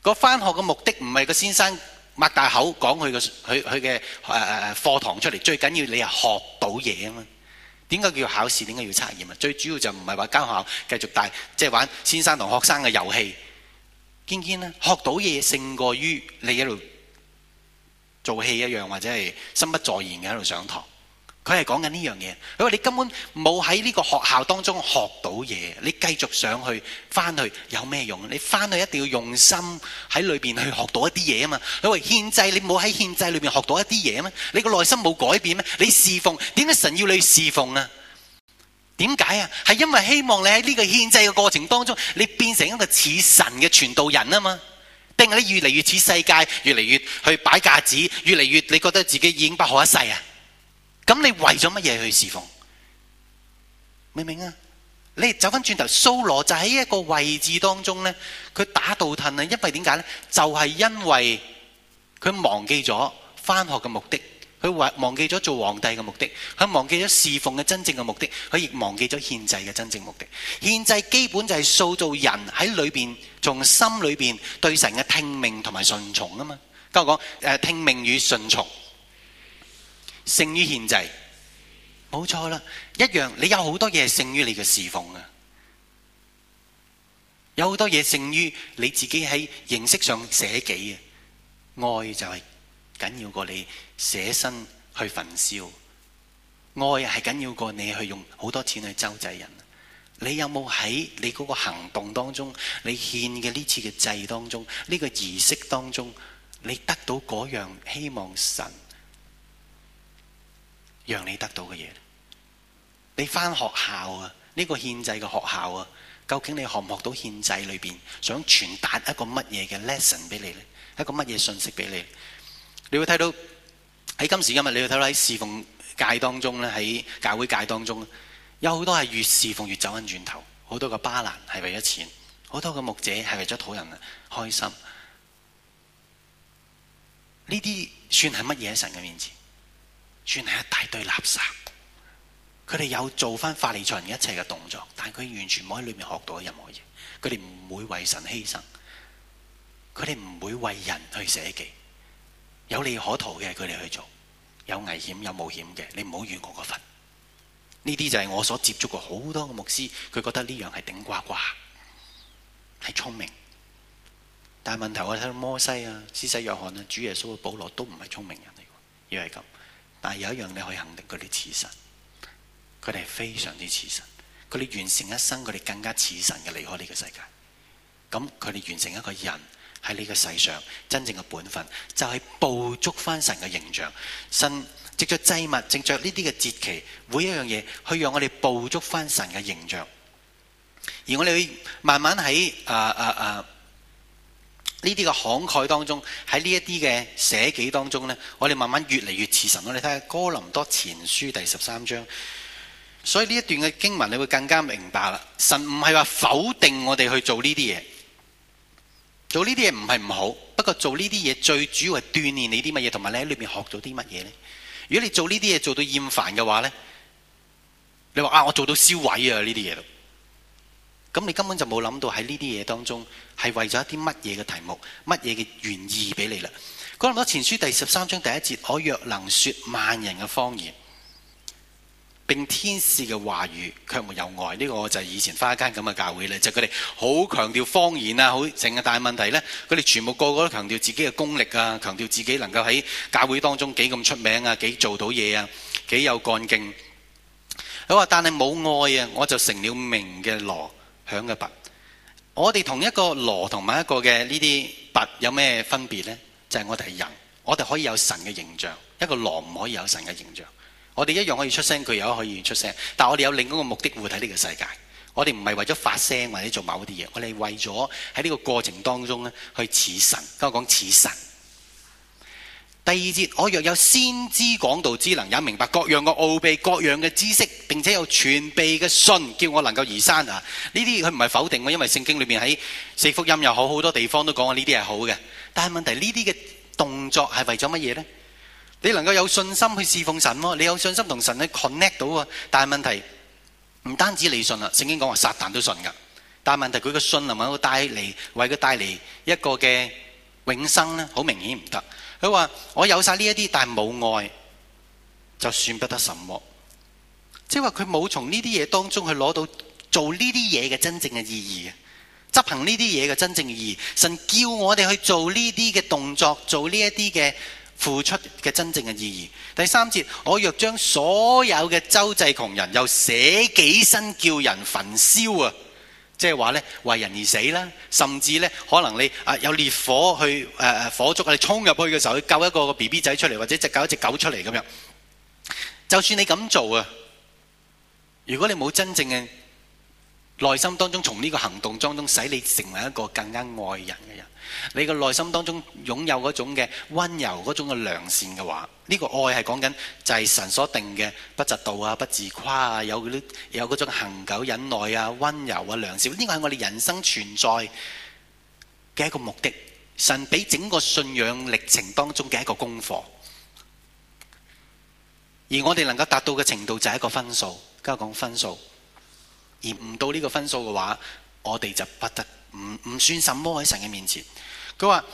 個翻學嘅目的唔係個先生擘大口講佢嘅佢佢嘅誒誒誒課堂出嚟，最緊要你係學到嘢啊嘛。點解叫考試？點解要測驗？最主要就唔係話間學校繼續帶，即係玩先生同學生嘅遊戲。堅堅咧，學到嘢勝過於你一路做戲一樣，或者係心不在焉嘅一路上堂。佢係講緊呢樣嘢，佢話你根本冇喺呢個學校當中學到嘢，你繼續上去翻去有咩用？你翻去一定要用心喺裏邊去學到一啲嘢啊嘛！佢話獻祭，你冇喺獻祭裏邊學到一啲嘢咩？你個內心冇改變咩？你侍奉，點解神要你侍奉啊？點解啊？係因為希望你喺呢個獻祭嘅過程當中，你變成一個似神嘅傳道人啊嘛？定係你越嚟越似世界，越嚟越去擺架子，越嚟越你覺得自己已經不可一世啊？咁你為咗乜嘢？去侍奉？明唔明啊？你走翻轉頭，蘇羅就喺一個位置當中咧，佢打倒褪啊！因為點解咧？就係因為佢忘記咗翻學嘅目的，佢忘忘記咗做皇帝嘅目的，佢忘記咗侍奉嘅真正嘅目的，佢亦忘記咗獻祭嘅真正目的。獻祭基本就係塑造人喺裏邊，從心裏邊對神嘅聽命同埋順從啊嘛。跟我講，誒，聽命與順從。勝於獻祭，冇錯啦。一樣，你有好多嘢係勝於你嘅侍奉啊！有好多嘢勝於你自己喺形式上捨己啊！愛就係緊要過你捨身去焚燒，愛係緊要過你去用好多錢去周濟人。你有冇喺你嗰個行動當中，你獻嘅呢次嘅祭當中，呢個儀式當中，你得到嗰樣希望神？讓你得到嘅嘢，你翻學校啊？呢個獻祭嘅學校啊，究竟你學唔學到獻祭裏邊想傳達一個乜嘢嘅 lesson 俾你呢？一個乜嘢信息俾你？你會睇到喺今時今日，你會睇到喺侍奉界當中咧，喺教會界當中，有好多係越侍奉越走翻轉頭，好多嘅巴蘭係為咗錢，好多嘅牧者係為咗討人啊開心。呢啲算係乜嘢喺神嘅面前？算係一大堆垃圾，佢哋有做翻法利賽人一切嘅動作，但係佢完全冇喺裏面學到任何嘢。佢哋唔會為神犧牲，佢哋唔會為人去捨己，有利可圖嘅佢哋去做，有危險有冒險嘅，你唔好怨我個份。呢啲就係我所接觸過好多嘅牧師，佢覺得呢樣係頂呱呱，係聰明。但係問題我睇摩西啊、施洗約翰啊、主耶穌啊、保羅都唔係聰明人嚟，亦係咁。但係有一樣你可以肯定佢哋似神，佢哋係非常之似神。佢哋完成一生，佢哋更加似神嘅離開呢個世界。咁佢哋完成一個人喺呢個世上真正嘅本分，就係、是、捕捉翻神嘅形象。神藉著祭物，藉著呢啲嘅節期，每一樣嘢去讓我哋捕捉翻神嘅形象。而我哋會慢慢喺啊啊啊！呃呃呃呢啲嘅慷慨當中，喺呢一啲嘅寫記當中呢，我哋慢慢越嚟越似神。你睇下哥林多前書第十三章，所以呢一段嘅經文你會更加明白啦。神唔係話否定我哋去做呢啲嘢，做呢啲嘢唔係唔好，不過做呢啲嘢最主要係鍛煉你啲乜嘢，同埋你喺裏面學咗啲乜嘢呢？如果你做呢啲嘢做到厭煩嘅話呢，你話啊，我做到銷毀啊，呢啲嘢咁你根本就冇諗到喺呢啲嘢當中係為咗一啲乜嘢嘅題目、乜嘢嘅原意俾你啦？講唔講？《前書》第十三章第一節：我若能說萬人嘅方言，並天使嘅話語，卻沒有愛。呢、這個我就係以前花間咁嘅教會啦，就佢哋好強調方言啊，好成啊，大問問題佢哋全部個個都強調自己嘅功力啊，強調自己能夠喺教會當中幾咁出名啊，幾做到嘢啊，幾有幹勁。佢話：但係冇愛啊，我就成了明嘅羅。響嘅，我哋同一個羅同埋一個嘅呢啲物有咩分別呢？就係、是，我哋係人，我哋可以有神嘅形象，一個羅唔可以有神嘅形象。我哋一樣可以出聲，佢又可以出聲，但我哋有另一個目的，會喺呢個世界。我哋唔係為咗發聲或者做某啲嘢，我哋為咗喺呢個過程當中去似神。跟我講似神。第二節，我若有先知講道之能，也明白各樣嘅奧秘，各樣嘅知識，並且有全備嘅信，叫我能夠移山。啊！呢啲佢唔係否定的，因為聖經裏面喺四福音又好好多地方都講啊，呢啲係好嘅。但係問題呢啲嘅動作係為咗乜嘢呢？你能夠有信心去侍奉神，你有信心同神去 connect 到啊。但係問題唔單止你信啦，聖經講話撒旦都信噶。但係問題佢嘅、那個、信能唔能夠帶嚟為佢帶嚟一個嘅永生呢？好明顯唔得。佢話我有晒呢一啲，但係冇愛，就算不得什麼。即係話佢冇從呢啲嘢當中去攞到做呢啲嘢嘅真正嘅意義嘅，執行呢啲嘢嘅真正意義。神叫我哋去做呢啲嘅動作，做呢一啲嘅付出嘅真正嘅意義。第三節，我若將所有嘅周濟窮人，又捨己身叫人焚燒啊！即係話咧，為人而死啦，甚至咧，可能你啊有烈火去誒誒火燭啊，你衝入去嘅時候去救一個 B B 仔出嚟，或者只救一隻狗出嚟咁樣就算你咁做啊，如果你冇真正嘅內心當中，從呢個行動當中，使你成為一個更加愛人嘅人。你個內心當中擁有嗰種嘅溫柔、嗰種嘅良善嘅話，呢個愛係講緊就係神所定嘅，不嫉妒啊、不自誇啊，有嗰啲有種恆久忍耐啊、溫柔啊、良善，呢個係我哋人生存在嘅一個目的，神俾整個信仰歷程當中嘅一個功課，而我哋能夠達到嘅程度就係一個分數，交講分數，而唔到呢個分數嘅話，我哋就不得。唔唔算什麼喺神嘅面前，佢話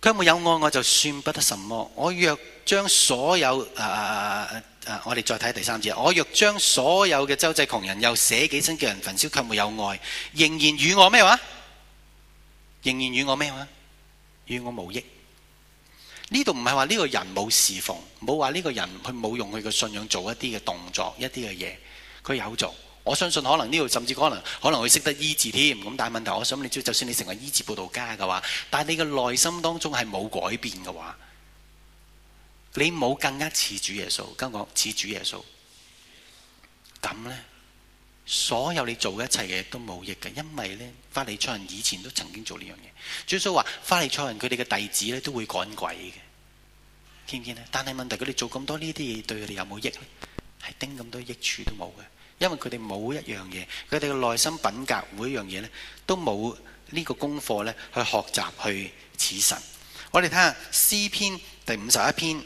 佢冇有愛我就算不得什麼。我若將所有、啊啊、我哋再睇第三節，我若將所有嘅周濟窮人又捨己身叫人焚燒，卻冇有愛，仍然與我咩話？仍然與我咩話？與我無益。呢度唔係話呢個人冇侍奉，冇話呢個人佢冇用佢嘅信仰做一啲嘅動作，一啲嘅嘢，佢有做。我相信可能呢度甚至可能可能會識得醫治添，咁但係問題，我想你知道，就算你成為醫治佈道家嘅話，但係你嘅內心當中係冇改變嘅話，你冇更加似主耶穌，跟講似主耶穌，咁咧，所有你做一切嘢都冇益嘅，因為咧，法利賽人以前都曾經做呢樣嘢。耶穌話：法利賽人佢哋嘅弟子咧都會趕鬼嘅，見唔見啊？但係問題佢哋做咁多呢啲嘢，對佢哋有冇益咧？係丁咁多益處都冇嘅。因為佢哋冇一樣嘢，佢哋嘅內心品格，每一樣嘢咧都冇呢個功課咧去學習去侍神。我哋睇下詩篇第五十一篇，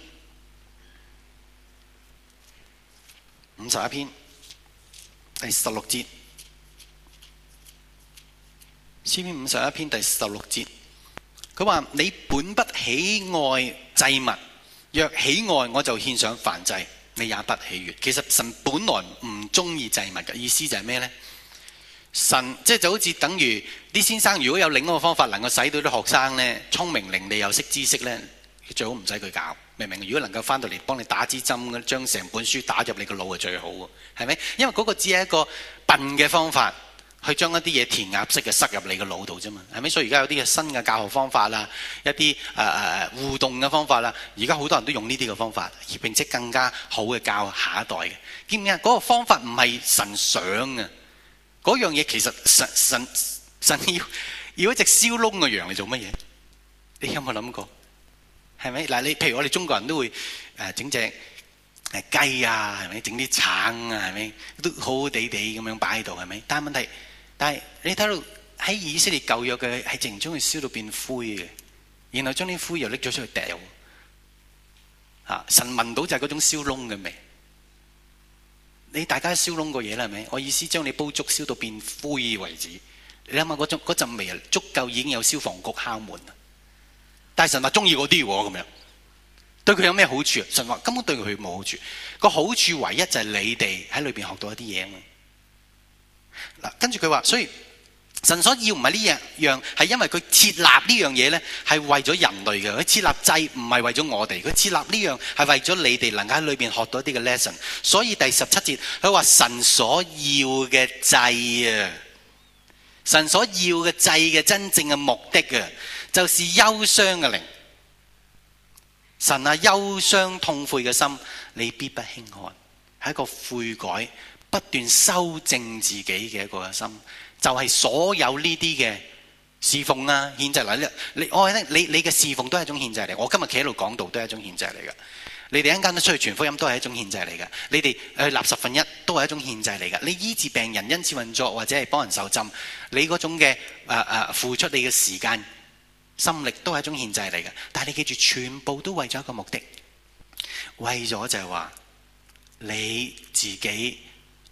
五十一篇第十六節，詩篇五十一篇第十六節，佢話：你本不喜愛祭物，若喜愛，我就獻上燔祭。你也不喜悅。其實神本來唔中意祭物嘅意思就係咩呢？神即、就係、就好似等於啲先生，如果有另一個方法能夠使到啲學生呢，聰明伶俐又識知識呢，最好唔使佢搞，明唔明？如果能夠翻到嚟幫你打支針，將成本書打入你個腦係最好喎，係咪？因為嗰個只係一個笨嘅方法。去將一啲嘢填鴨式嘅塞入你嘅腦度啫嘛，係咪？所以而家有啲嘅新嘅教學方法啦，一啲誒、呃、互動嘅方法啦，而家好多人都用呢啲嘅方法，而且更加好嘅教下一代嘅。見唔見啊？嗰、嗰個方法唔係神想啊，嗰樣嘢其實神神神要要一隻燒燶嘅羊嚟做乜嘢？你有冇諗過？係咪？嗱，你譬如我哋中國人都會誒整、呃、隻雞啊，係咪？整啲橙啊，係咪？都好好地地咁樣擺喺度，係咪？但係問題。但係你睇到喺以色列舊約嘅係淨將佢燒到變灰嘅，然後將啲灰又拎咗出去掉。啊！神聞到就係嗰種燒燶嘅味。你大家燒燶個嘢啦，係咪？我意思將你煲粥燒到變灰為止。你諗下嗰種陣味啊，足夠已經有消防局敲門啦。但係神話中意嗰啲咁樣，對佢有咩好處啊？神話根本對佢冇好處。個好處唯一就係你哋喺裏邊學到一啲嘢啊嘛。跟住佢話，所以神所要唔係呢樣樣，係因為佢設立這樣東西呢樣嘢咧，係為咗人類嘅。佢設立祭唔係為咗我哋，佢設立呢樣係為咗你哋能夠喺裏面學到一啲嘅 lesson。所以第十七節佢話神所要嘅祭啊，神所要嘅祭嘅真正嘅目的啊，就是憂傷嘅靈。神啊，憂傷痛悔嘅心，你必不輕看，係一個悔改。不斷修正自己嘅一個心，就係、是、所有呢啲嘅侍奉啊、獻祭嚟咧。你我喺咧，你你嘅侍奉都係一種獻祭嚟。我今日企喺度講道都係一種獻祭嚟噶。你哋一陣間都出去傳福音都係一種獻祭嚟噶。你哋去納十分一都係一種獻祭嚟噶。你醫治病人、恩賜運作或者係幫人受浸，你嗰種嘅誒誒付出你嘅時間、心力都係一種獻祭嚟噶。但係你記住，全部都為咗一個目的，為咗就係話你自己。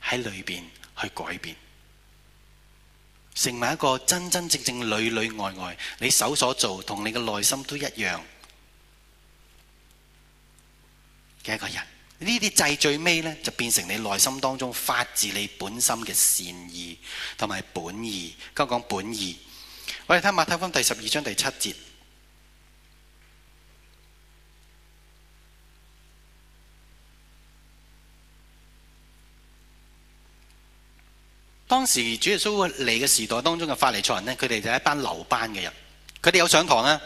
喺裏邊去改變，成為一個真真正正裏裏外外，你手所做同你嘅內心都一樣嘅一個人。呢啲祭最尾呢，就變成你內心當中發自你本心嘅善意同埋本意。今日講本意，我哋睇馬太福音第十二章第七節。當時主耶穌嚟嘅時代當中嘅法利賽人呢，佢哋就係一班留班嘅人，佢哋有上堂啊，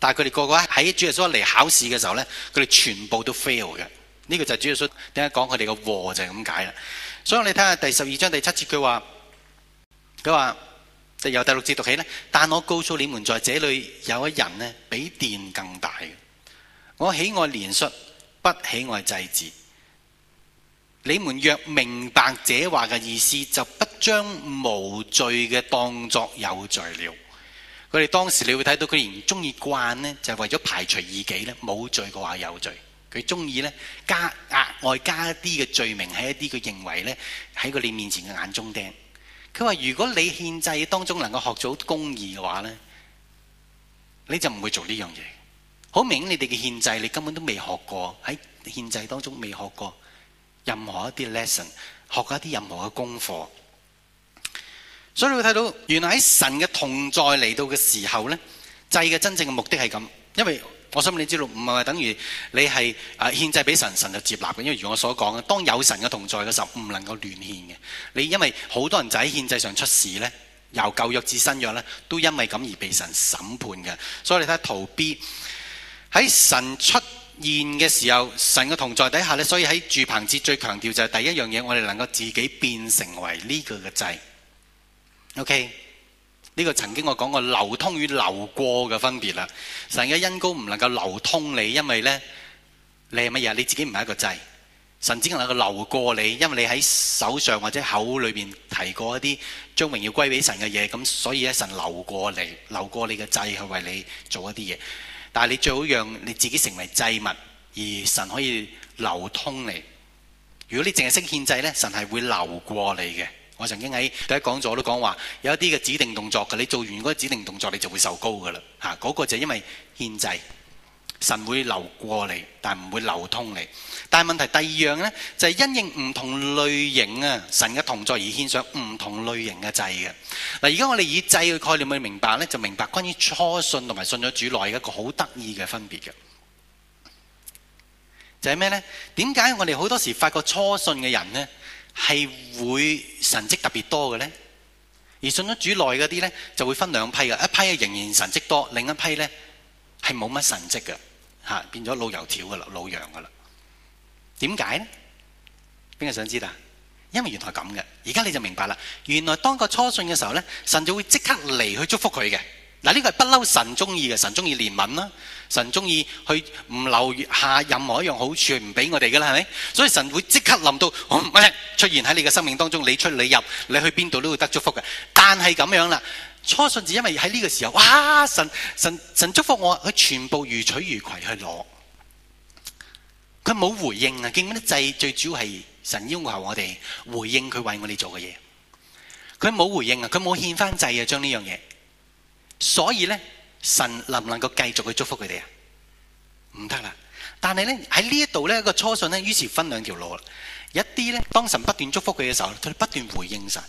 但係佢哋個個喺主耶穌嚟考試嘅時候呢，佢哋全部都 fail 嘅。呢、這個就係主耶穌點解講佢哋嘅禍就係咁解啦。所以你睇下第十二章第七節，佢話佢話由第六節讀起呢，但我告訴你們，在這裡有一人呢，比殿更大嘅。我喜愛憐恤，不喜愛祭祀。」你們若明白這話嘅意思，就不將無罪嘅當作有罪了。佢哋當時你會睇到佢哋唔中意慣呢，就係為咗排除異己呢。「冇罪嘅話有罪。佢中意呢加額外加一啲嘅罪名喺一啲佢認為呢，喺佢哋面前嘅眼中釘。佢話：如果你獻祭當中能夠學到公義嘅話呢，你就唔會做呢樣嘢。好明顯，你哋嘅獻祭，你根本都未學過，喺獻祭當中未學過。任何一啲 lesson，學過一啲任何嘅功課，所以你會睇到，原來喺神嘅同在嚟到嘅時候呢，祭嘅真正嘅目的係咁。因為我想問你知道，唔係話等於你係啊獻祭俾神，神就接納嘅。因為如我所講嘅，當有神嘅同在嘅時候，唔能夠亂獻嘅。你因為好多人就喺獻祭上出事呢，由舊約至新約呢，都因為咁而被神審判嘅。所以你睇圖 B，喺神出現嘅時候，神嘅同在底下咧，所以喺住棚節最強調就係第一樣嘢，我哋能夠自己變成為呢個嘅祭。OK，呢個曾經我講過流通與流過嘅分別啦。神嘅恩膏唔能夠流通你，因為呢，你係乜嘢？你自己唔係一個祭，神只能夠流過你，因為你喺手上或者口裏邊提過一啲將榮耀歸俾神嘅嘢，咁所以咧，神流過你，流過你嘅祭去為你做一啲嘢。但係你最好讓你自己成為祭物，而神可以流通你。如果你淨係識獻祭咧，神係會流過你嘅。我曾經喺第一講座都講話，有一啲嘅指定動作嘅，你做完嗰指定動作，你就會受膏噶啦吓。嗰、嗰個就係因為獻祭。神會流過嚟，但唔會流通嚟。但係問題第二樣咧，就係、是、因應唔同類型啊神嘅同作而獻上唔同類型嘅祭嘅。嗱，而家我哋以祭嘅概念去明白咧，就明白關於初信同埋信咗主內嘅一個好得意嘅分別嘅。就係咩咧？點解我哋好多時發覺初信嘅人咧，係會神蹟特別多嘅咧？而信咗主內嗰啲咧，就會分兩批嘅，一批仍然神蹟多，另一批咧。係冇乜神跡嘅，吓，變咗老油條噶啦，老羊噶啦。點解咧？邊個想知啦？因為原來咁嘅，而家你就明白啦。原來當個初信嘅時候呢，神就會即刻嚟,去祝福佢嘅。嗱，呢個係不嬲神中意嘅，神中意憐憫啦，神中意去唔留下任何一樣好處唔俾我哋噶啦，係咪？所以神會即刻臨到，唔、哦、唔係出現喺你嘅生命當中，你出你入，你去邊度都會得祝福嘅。但係咁樣啦。初信就因為喺呢個時候，哇！神神神祝福我，佢全部如取如葵去攞。佢冇回應啊！經嗰啲祭最主要係神要求我哋回應佢為我哋做嘅嘢。佢冇回應啊！佢冇獻翻祭啊！將呢樣嘢，所以咧神能唔能夠繼續去祝福佢哋啊？唔得啦！但係咧喺呢一度咧個初信咧，於是分兩條路啦。一啲咧當神不斷祝福佢嘅時候，佢不斷回應神。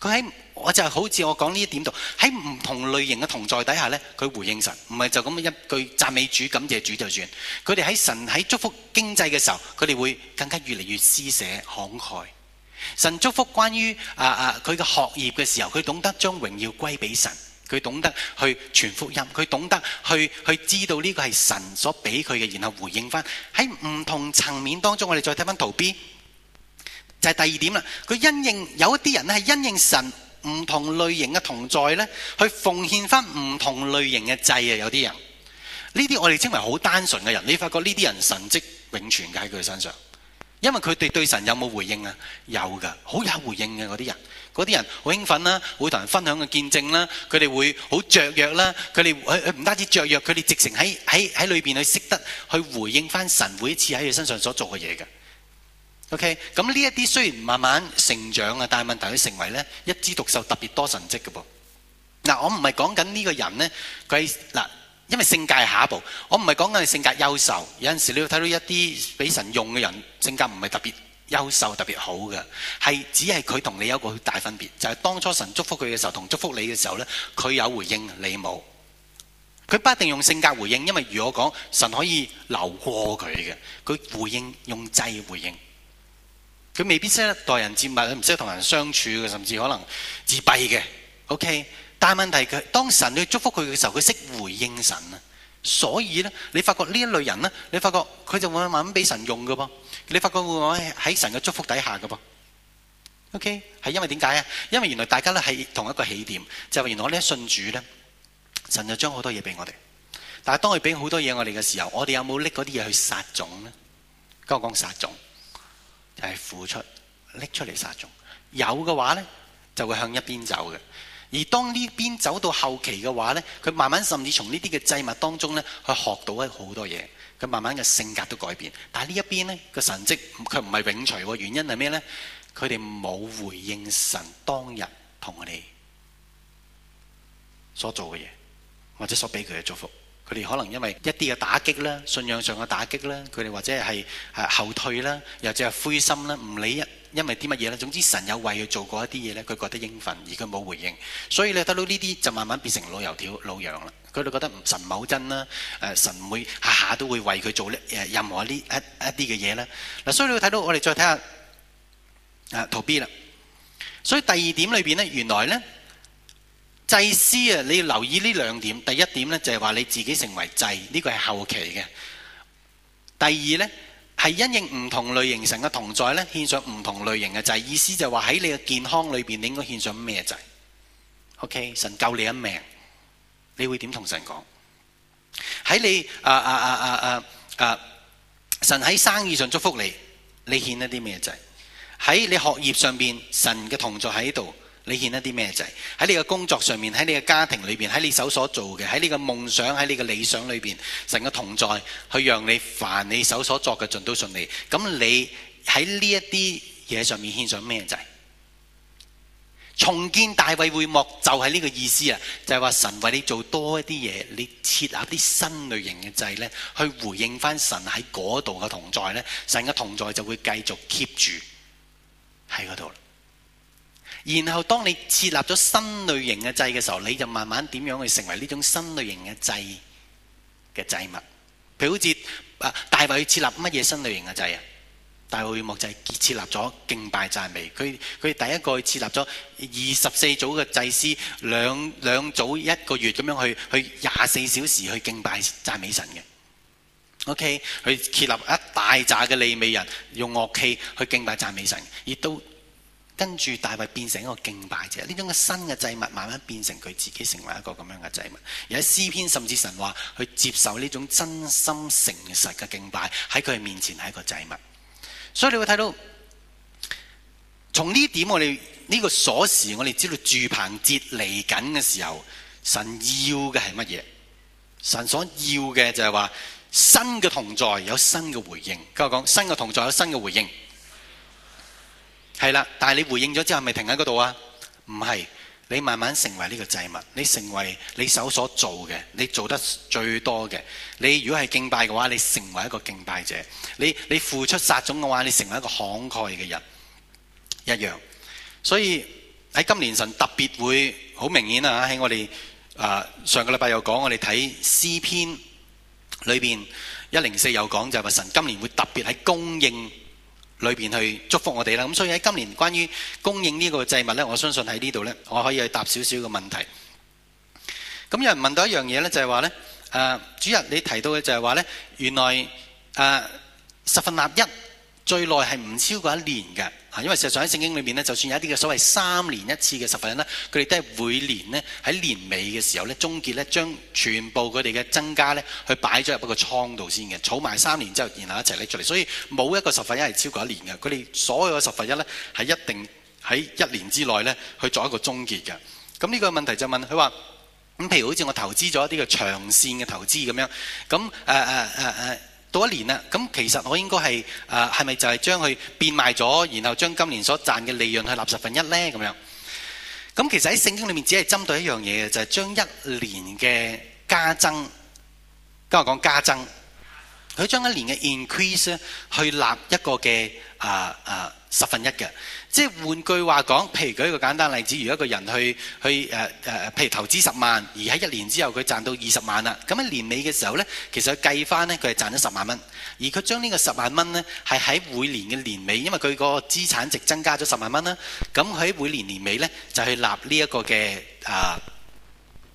佢喺我就好似我講呢一點度，喺唔同類型嘅同在底下呢，佢回應神，唔係就咁一句讚美主感謝主就算。佢哋喺神喺祝福經濟嘅時候，佢哋會更加越嚟越施捨慷慨。神祝福關於啊啊佢嘅學業嘅時候，佢懂得將榮耀歸俾神，佢懂得去傳福音，佢懂得去去知道呢個係神所俾佢嘅，然後回應翻喺唔同層面當中，我哋再睇翻圖 B。就係第二點啦，佢因應有一啲人咧係因應神唔同類型嘅同在咧，去奉獻翻唔同類型嘅祭啊！有啲人呢啲我哋稱為好單純嘅人，你發覺呢啲人神跡永存嘅喺佢身上，因為佢哋對，對神有冇回應啊？有噶，好有回應嘅嗰啲人，嗰啲人好興奮啦，會同人分享嘅見證啦，佢哋會好雀躍啦，佢哋唔單止雀躍，佢哋直情喺喺喺裏面去識得去回應翻神每一次喺佢身上所做嘅嘢嘅。O K，咁呢一啲雖然慢慢成長啊，但係問題佢成為咧一枝獨秀，特別多神蹟嘅噃嗱。我唔係講緊呢個人咧，佢嗱，因為性格係下一步。我唔係講緊你性格優秀，有陣時你要睇到一啲俾神用嘅人性格唔係特別優秀、特別好嘅，係只係佢同你有個大分別，就係當初神祝福佢嘅時候，同祝福你嘅時候咧，佢有回應，你冇。佢不一定用性格回應，因為如果講，神可以留過佢嘅，佢回應用祭回應。佢未必識得待人接物，佢唔識得同人相處嘅，甚至可能自閉嘅。OK，但係問題佢當神去祝福佢嘅時候，佢識回應神啊。所以咧，你發覺呢一類人咧，你發覺佢就會慢慢俾神用㗎噃。你發覺會喺神嘅祝福底下㗎噃。OK，係因為點解啊？因為原來大家咧係同一個起點，就係、是、原來我一信主咧，神就將好多嘢俾我哋。但係當佢俾好多嘢我哋嘅時候，我哋有冇拎嗰啲嘢去撒種咧？我講撒種。係付出，拎出嚟撒種。有嘅話呢，就會向一邊走嘅。而當呢邊走到後期嘅話呢，佢慢慢甚至從呢啲嘅祭物當中呢，去學到好多嘢。佢慢慢嘅性格都改變。但係呢一邊呢，個神蹟佢唔係永存。原因係咩呢？佢哋冇回應神當日同我哋所做嘅嘢，或者所俾佢嘅祝福。佢哋可能因為一啲嘅打擊咧，信仰上嘅打擊咧，佢哋或者係係後退啦，又或者係灰心啦，唔理因因為啲乜嘢咧。總之神有為佢做過一啲嘢咧，佢覺得應份，而佢冇回應。所以咧，睇到呢啲就慢慢變成老油條、老樣啦。佢哋覺得神冇真啦，誒神會下下都會為佢做咧誒任何一啲一一啲嘅嘢咧。嗱，所以你睇到我哋再睇下啊圖 B 啦。所以第二點裏邊咧，原來咧。祭司啊，你要留意呢兩點。第一點呢，就係話你自己成為祭，呢個係後期嘅。第二呢，係因應唔同類型神嘅同在呢，獻上唔同類型嘅祭。意思就係話喺你嘅健康裏邊，你應該獻上咩祭？OK，神救你一命，你會點同神講？喺你啊啊啊啊啊啊。神喺生意上祝福你，你獻一啲咩祭？喺你學業上邊，神嘅同在喺度。你獻一啲咩祭？喺你嘅工作上面，喺你嘅家庭裏邊，喺你手所做嘅，喺你嘅夢想，喺你嘅理想裏邊，神嘅同在去讓你凡你手所作嘅盡都順利。咁你喺呢一啲嘢上面獻上咩祭？重建大衛會幕就係呢個意思啊！就係、是、話神為你做多一啲嘢，你設立啲新類型嘅祭咧，去回應翻神喺嗰度嘅同在咧，神嘅同在就會繼續 keep 住喺嗰度。然後當你設立咗新類型嘅祭嘅時候，你就慢慢點樣去成為呢種新類型嘅祭嘅祭物。譬如好似啊大衛去設立乜嘢新類型嘅祭啊？大衛幕嘅祭設立咗敬拜讚美，佢佢第一個設立咗二十四組嘅祭司，兩兩組一個月咁樣去去廿四小時去敬拜讚美神嘅。OK，佢設立一大扎嘅利未人用樂器去敬拜讚美神，亦都。跟住大衛變成一個敬拜者，呢種嘅新嘅祭物慢慢變成佢自己成為一個咁樣嘅祭物。而喺詩篇甚至神話去接受呢種真心誠實嘅敬拜喺佢面前係一個祭物。所以你會睇到從呢點我哋呢個鎖匙，我哋知道住棚節嚟緊嘅時候，神要嘅係乜嘢？神所要嘅就係話新嘅同在有新嘅回應。跟我講，新嘅同在有新嘅回應。係啦，但係你回應咗之後係，咪停喺嗰度啊？唔係，你慢慢成為呢個祭物，你成為你手所做嘅，你做得最多嘅。你如果係敬拜嘅話，你成為一個敬拜者；你你付出撒種嘅話，你成為一個慷慨嘅人。一樣，所以喺今年神特別會好明顯啊！喺我哋、呃、上個禮拜又講，我哋睇詩篇裏邊一零四有講，又就係話神今年會特別喺供應。裏面去祝福我哋啦，咁所以喺今年關於供應呢個祭物呢，我相信喺呢度呢，我可以去答少少嘅問題。咁有人問到一樣嘢呢，就係話呢，呃主任你提到嘅就係話呢，原來呃十分之一。最耐係唔超過一年嘅，嚇，因為事實上喺聖經裏面咧，就算有一啲嘅所謂三年一次嘅十分一咧，佢哋都係每年咧喺年尾嘅時候咧，終結咧將全部佢哋嘅增加咧去擺咗入一個倉度先嘅，儲埋三年之後，然後一齊拎出嚟。所以冇一個十分一係超過一年嘅，佢哋所有嘅十分一咧係一定喺一年之內咧去做一個終結嘅。咁呢個問題就問佢話：咁譬如好似我投資咗一啲嘅長線嘅投資咁樣，咁誒誒到一年啦，咁其實我應該係誒係咪就係將佢變賣咗，然後將今年所賺嘅利潤去納十分一呢？咁樣，咁其實喺聖經裏面只係針對一樣嘢嘅，就係將一年嘅加增，今日講加增，佢將一年嘅 increase 去納一個嘅誒誒十分一嘅。即係換句話講，譬如舉一個簡單例子，如果一個人去去誒誒、啊啊，譬如投資十萬，而喺一年之後佢賺到二十萬啦，咁喺年尾嘅時候呢，其實佢計翻呢，佢係賺咗十萬蚊，而佢將呢個十萬蚊呢，係喺每年嘅年尾，因為佢個資產值增加咗十萬蚊啦，咁喺每年年尾呢，就去立呢一個嘅啊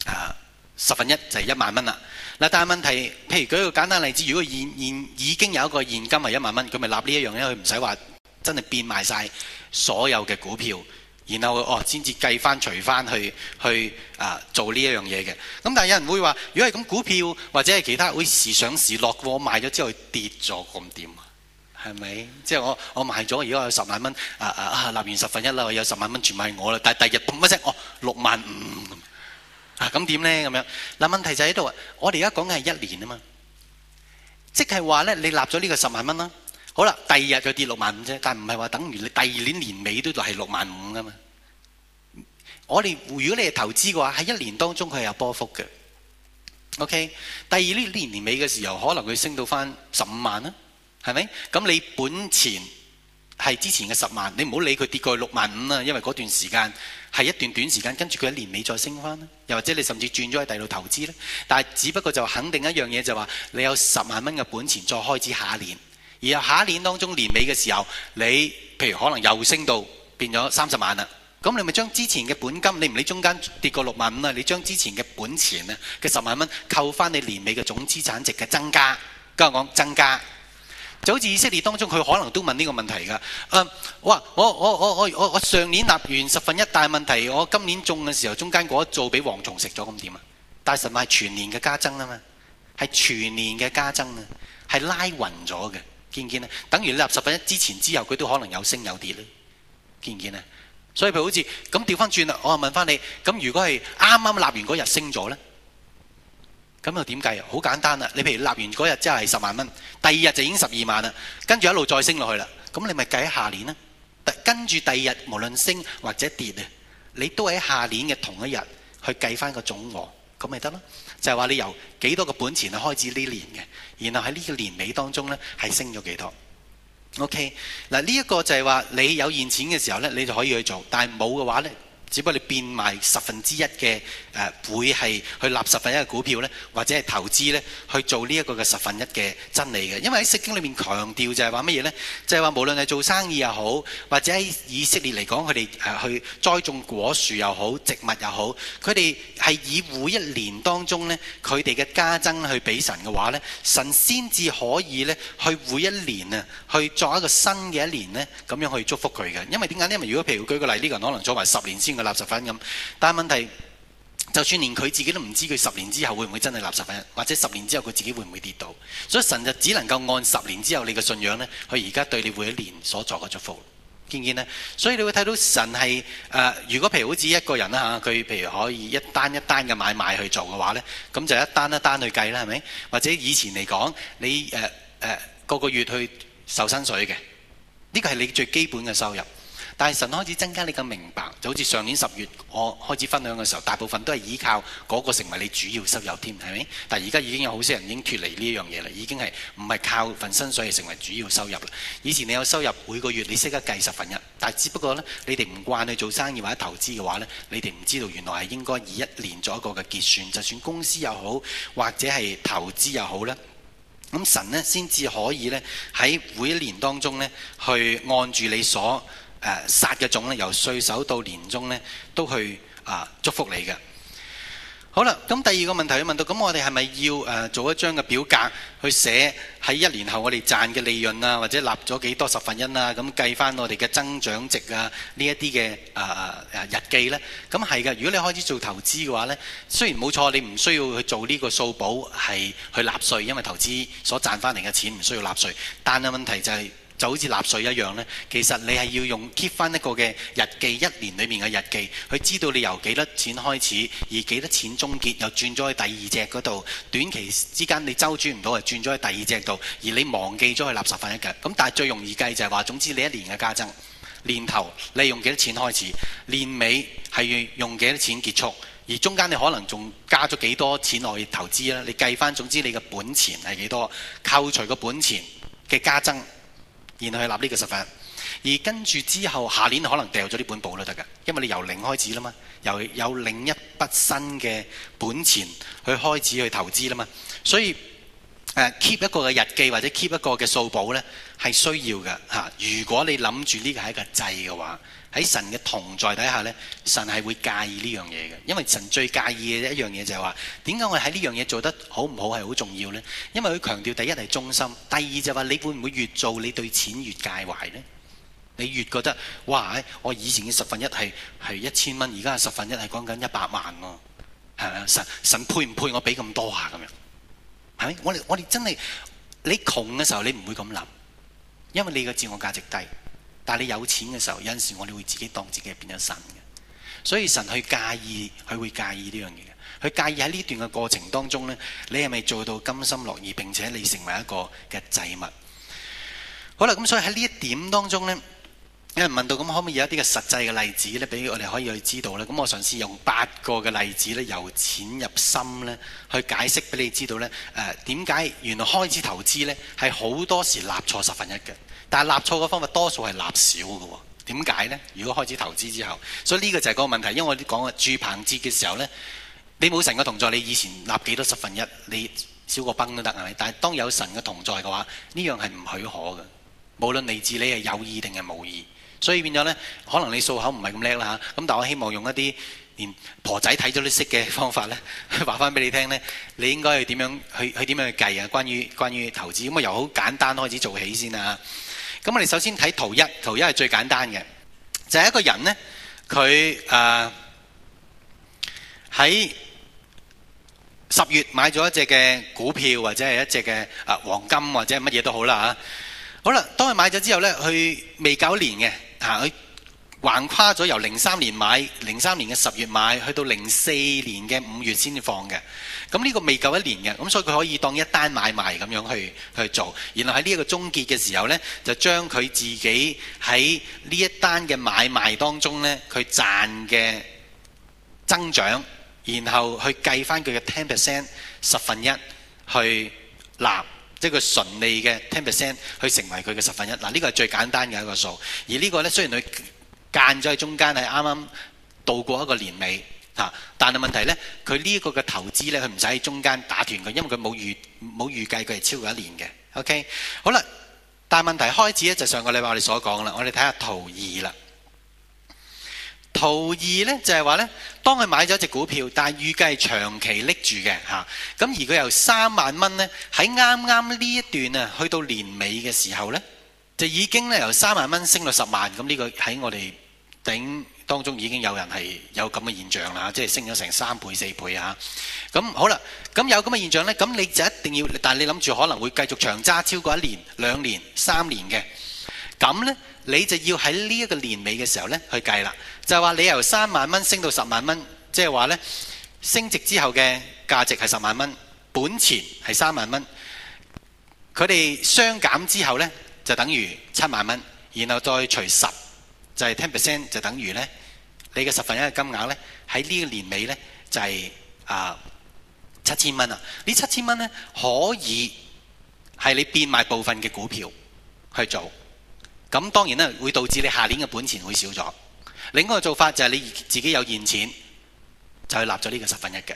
啊十分一就係一萬蚊啦。嗱，但係問題，譬如舉一個簡單例子，如果現，現已經有一個現金係一萬蚊，佢咪立呢一樣咧，佢唔使話。真係變賣晒所有嘅股票，然後哦先至計翻除翻去去啊做呢一樣嘢嘅。咁但係有人會話：如果係咁，股票或者係其他會時上時落，我賣咗之後跌咗咁點啊？係咪？即係我我賣咗如果有十萬蚊啊，啊立完十分一啦，有十萬蚊全買我啦。但係第日嘭一聲哦六萬五咁啊點咧？咁樣嗱，問題就喺度啊！我哋而家講緊係一年啊嘛，即係話咧，你立咗呢個十萬蚊啦。好啦，第二日就跌六萬五啫，但唔係話等於你第二年年尾都係六萬五噶嘛。我哋如果你係投資嘅話，喺一年當中佢係有波幅嘅。OK. 第二年年年尾嘅時候，可能佢升到翻十五萬啦，係咪咁？你本錢係之前嘅十萬，你唔好理佢跌過去六萬五啊，因為嗰段時間係一段短時間，跟住佢喺年尾再升翻啦，又或者你甚至轉咗去第二度投資咧。但係只不過就肯定一樣嘢，就話、是、你有十萬蚊嘅本錢，再開始下一年。.而下一年當中年尾嘅時候，你譬如可能又升到變咗三十萬啦，咁你咪將之前嘅本金，你唔理中間跌過六萬五啦，你將之前嘅本錢啊嘅十萬蚊扣翻你年尾嘅總資產值嘅增加，跟我講增加就好似以色列當中佢可能都問呢個問題㗎，誒、嗯，我我我我我我，我上年納完十分一大問題，我今年種嘅時候中間嗰一造俾蝗蟲食咗咁點啊？但係實在係全年嘅加增啊嘛，係全年嘅加增啊，係拉混咗嘅。見見，見等於你立十分一之前之後，佢都可能有升有跌咧，見唔見？所以譬如好似咁調翻轉啦，我啊問翻你：咁如果係啱啱立完嗰日升咗呢？咁又點計啊？好簡單啦，你譬如立完嗰日之後十萬蚊，第二日就已經十二萬啦，跟住一路再升落去啦，咁你咪計喺下年呢？跟住第二日無論升或者跌啊，你都喺下年嘅同一日去計翻個總額，咁咪得咯？就係話你由幾多個本錢去開始呢年嘅。然後喺呢個年尾當中呢，係升咗幾多？OK，嗱呢一個就係話你有現錢嘅時候呢，你就可以去做；但係冇嘅話呢。只不過你變賣十分之一嘅誒、呃，會係去納十分一嘅股票呢，或者係投資呢去做呢一個嘅十分一嘅真理。嘅。因為喺《聖經》裏面強調就係話乜嘢呢？就係、是、話無論係做生意又好，或者喺以色列嚟講，佢哋誒去栽種果樹又好、植物又好，佢哋係以每一年當中呢，佢哋嘅加增去俾神嘅話呢，神先至可以呢，去每一年啊，去作一個新嘅一年呢，咁樣去祝福佢嘅。因為點解呢？因為如果譬如舉個例，呢個人可能做埋十年先垃圾粉咁，但係問題，就算連佢自己都唔知，佢十年之後會唔會真係垃圾粉，或者十年之後佢自己會唔會跌到？所以神就只能夠按十年之後你嘅信仰呢，佢而家對你每一年所作嘅祝福。見唔見呢？所以你會睇到神係誒、呃，如果譬如好似一個人啦吓，佢、啊、譬如可以一單一單嘅買賣去做嘅話呢，咁就一單一單去計啦，係咪？或者以前嚟講，你誒誒個個月去受薪水嘅，呢、這個係你最基本嘅收入。但係神開始增加你嘅明白，就好似上年十月我開始分享嘅時候，大部分都係依靠嗰個成為你主要收入添，係咪？但係而家已經有好些人已經脫離呢樣嘢啦，已經係唔係靠份薪水係成為主要收入啦？以前你有收入，每個月你識得計十分一，但係只不過呢，你哋唔慣去做生意或者投資嘅話呢，你哋唔知道原來係應該以一年做一個嘅結算，就算公司又好，或者係投資又好啦。咁神呢，先至可以呢，喺每一年當中呢，去按住你所。誒、呃、殺嘅種咧，由歲首到年終咧，都去啊、呃、祝福你嘅。好啦，咁第二個問題佢問到，咁我哋係咪要、呃、做一張嘅表格去寫喺一年後我哋賺嘅利潤啊，或者立咗幾多十分一啊？咁計翻我哋嘅增長值啊，呢一啲嘅、呃、日記呢？咁係嘅。如果你開始做投資嘅話呢，雖然冇錯你唔需要去做呢個數簿係去納稅，因為投資所賺翻嚟嘅錢唔需要納稅，但係問題就係、是。就好似納稅一樣呢，其實你係要用 keep 翻一個嘅日記，一年裏面嘅日記，去知道你由幾多錢開始，而幾多錢終結，又轉咗去第二隻嗰度。短期之間你周轉唔到，係轉咗去第二隻度，而你忘記咗去垃圾份一嘅咁。但係最容易計就係話，總之你一年嘅加增年頭，你用幾多錢開始，年尾係用幾多錢結束，而中間你可能仲加咗幾多錢落去投資啦。你計翻總之你嘅本錢係幾多，扣除個本錢嘅加增，然後去立呢個實份，而跟住之後下年可能掉咗呢本簿都得㗎，因為你由零開始啦嘛，由有另一筆新嘅本錢去開始去投資啦嘛，所以、啊、keep 一個嘅日記或者 keep 一個嘅數簿呢，係需要嘅、啊、如果你諗住呢個係一個制嘅話，喺神嘅同在底下呢，神係會介意呢樣嘢嘅，因為神最介意嘅一樣嘢就係話，點解我喺呢樣嘢做得好唔好係好重要呢？因為佢強調第一係忠心，第二就話你會唔會越做你對錢越介懷呢？你越覺得，哇，我以前嘅十分一係係一千蚊，而家嘅十分一係講緊一百萬咯，係啊？神神配唔配我俾咁多啊？咁樣係咪？我哋我哋真係你窮嘅時候你唔會咁諗，因為你嘅自我價值低。但係你有錢嘅時候，有陣時我哋會自己當自己係變咗神嘅，所以神去介意，佢會介意呢樣嘢。佢介意喺呢段嘅過程當中呢，你係咪做到甘心樂意？並且你成為一個嘅祭物。好啦，咁所以喺呢一點當中呢，有人問到咁可唔可以有一啲嘅實際嘅例子咧，俾我哋可以去知道呢？咁我嘗試用八個嘅例子咧，由淺入深呢，去解釋俾你知道呢，誒點解原來開始投資呢係好多時立錯十分一嘅。但係立錯嘅方法多數係立少嘅喎，點解呢？如果開始投資之後，所以呢個就係嗰個問題。因為我哋講啊，住棚節嘅時候呢，你冇神嘅同在，你以前立幾多十分一，你少個崩都得，係咪？但係當有神嘅同在嘅話，呢樣係唔許可嘅。無論你自你係有意定係無意，所以變咗呢，可能你數口唔係咁叻啦，咁但我希望用一啲連婆仔睇咗都識嘅方法呢，話翻俾你聽呢，你應該係點樣去去點樣去計啊？關於關於投資，咁啊由好簡單開始做起先啦。咁我哋首先睇圖一，圖一係最簡單嘅，就係一個人呢，佢誒喺十月買咗一隻嘅股票，或者係一隻嘅啊黃金，或者乜嘢都好啦吓。好啦，當佢買咗之後呢，佢未九年嘅吓，佢橫跨咗由零三年買，零三年嘅十月買，去到零四年嘅五月先放嘅。咁呢個未夠一年嘅，咁所以佢可以當一單買賣咁樣去去做，然後喺呢一個終結嘅時候呢，就將佢自己喺呢一單嘅買賣當中呢，佢賺嘅增長，然後去計翻佢嘅 ten percent 十分一去嗱，即係佢純利嘅 ten percent 去成為佢嘅十分一。嗱，呢個係最簡單嘅一個數，而呢個呢，雖然佢間咗喺中間係啱啱度過一個年尾。嚇！但係問題呢，佢呢一個嘅投資呢，佢唔使喺中間打斷佢，因為佢冇預冇預計佢係超過一年嘅。OK，好啦，但問題開始呢，就是，上個禮拜我哋所講啦，我哋睇下圖二啦。圖二呢，就係，是，話呢，當佢買咗隻股票，但係預計是長期拎住嘅嚇。咁，啊，而佢由三萬蚊呢，喺啱啱呢一段啊，去到年尾嘅時候呢，就已經咧由三萬蚊升到十萬。咁呢個喺我哋頂。當中已經有人係有咁嘅現象啦，即係升咗成三倍四倍啊！咁好啦，咁有咁嘅現象呢，咁你就一定要，但係你諗住可能會繼續長揸超過一年、兩年、三年嘅，咁呢，你就要喺呢一個年尾嘅時候呢去計啦。就係話你由三萬蚊升到十萬蚊，即係話呢，升值之後嘅價值係十萬蚊，本錢係三萬蚊，佢哋相減之後呢，就等於七萬蚊，然後再除十。就係 ten percent 就等於呢，你嘅十分一嘅金額呢，喺呢個年尾呢，就係啊七千蚊啊！呢七千蚊呢，可以係你變賣部分嘅股票去做，咁當然啦，會導致你下年嘅本錢會少咗。另一個做法就係你自己有現錢就去立咗呢個十分一嘅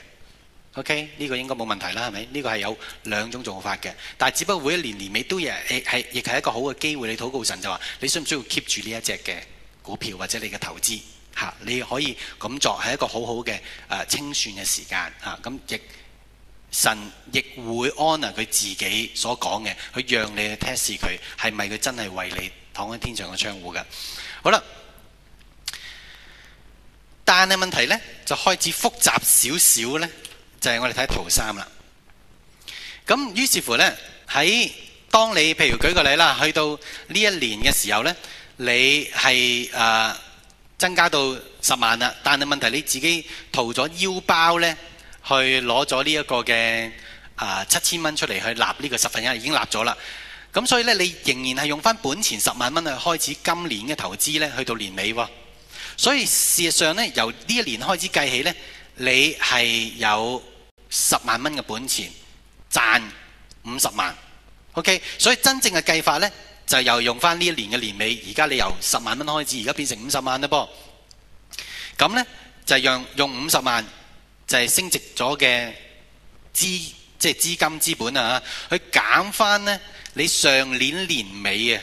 ，OK 呢個應該冇問題啦，係咪？呢個係有兩種做法嘅，但係只不過一年年尾都亦係亦係一個好嘅機會，你禱告神就話你需唔需要 keep 住呢一隻嘅？股票或者你嘅投資嚇，你可以咁作係一個好好嘅誒清算嘅時間啊！咁亦神亦會 honour 佢自己所講嘅，去讓你去 test 佢係咪佢真係為你躺喺天上嘅窗戶嘅。好啦，但係問題呢，就開始複雜少少呢，就係、是、我哋睇圖三啦。咁於是乎呢，喺當你譬如舉個例啦，去到呢一年嘅時候呢。你係誒、呃、增加到十萬啦，但係問題是你自己掏咗腰包呢，去攞咗呢一個嘅、呃、七千蚊出嚟去納呢個十分一，已經納咗啦。咁所以呢，你仍然係用翻本錢十萬蚊去開始今年嘅投資呢，去到年尾喎、哦。所以事實上呢，由呢一年開始計起呢，你係有十萬蚊嘅本錢賺五十萬。OK，所以真正嘅計法呢。就又用翻呢一年嘅年尾，而家你由十萬蚊開始，而家變成五十萬啦噃。咁呢，就、用用五十萬就，就係升值咗嘅資，即係資金資本啊去減翻呢你上年年尾嘅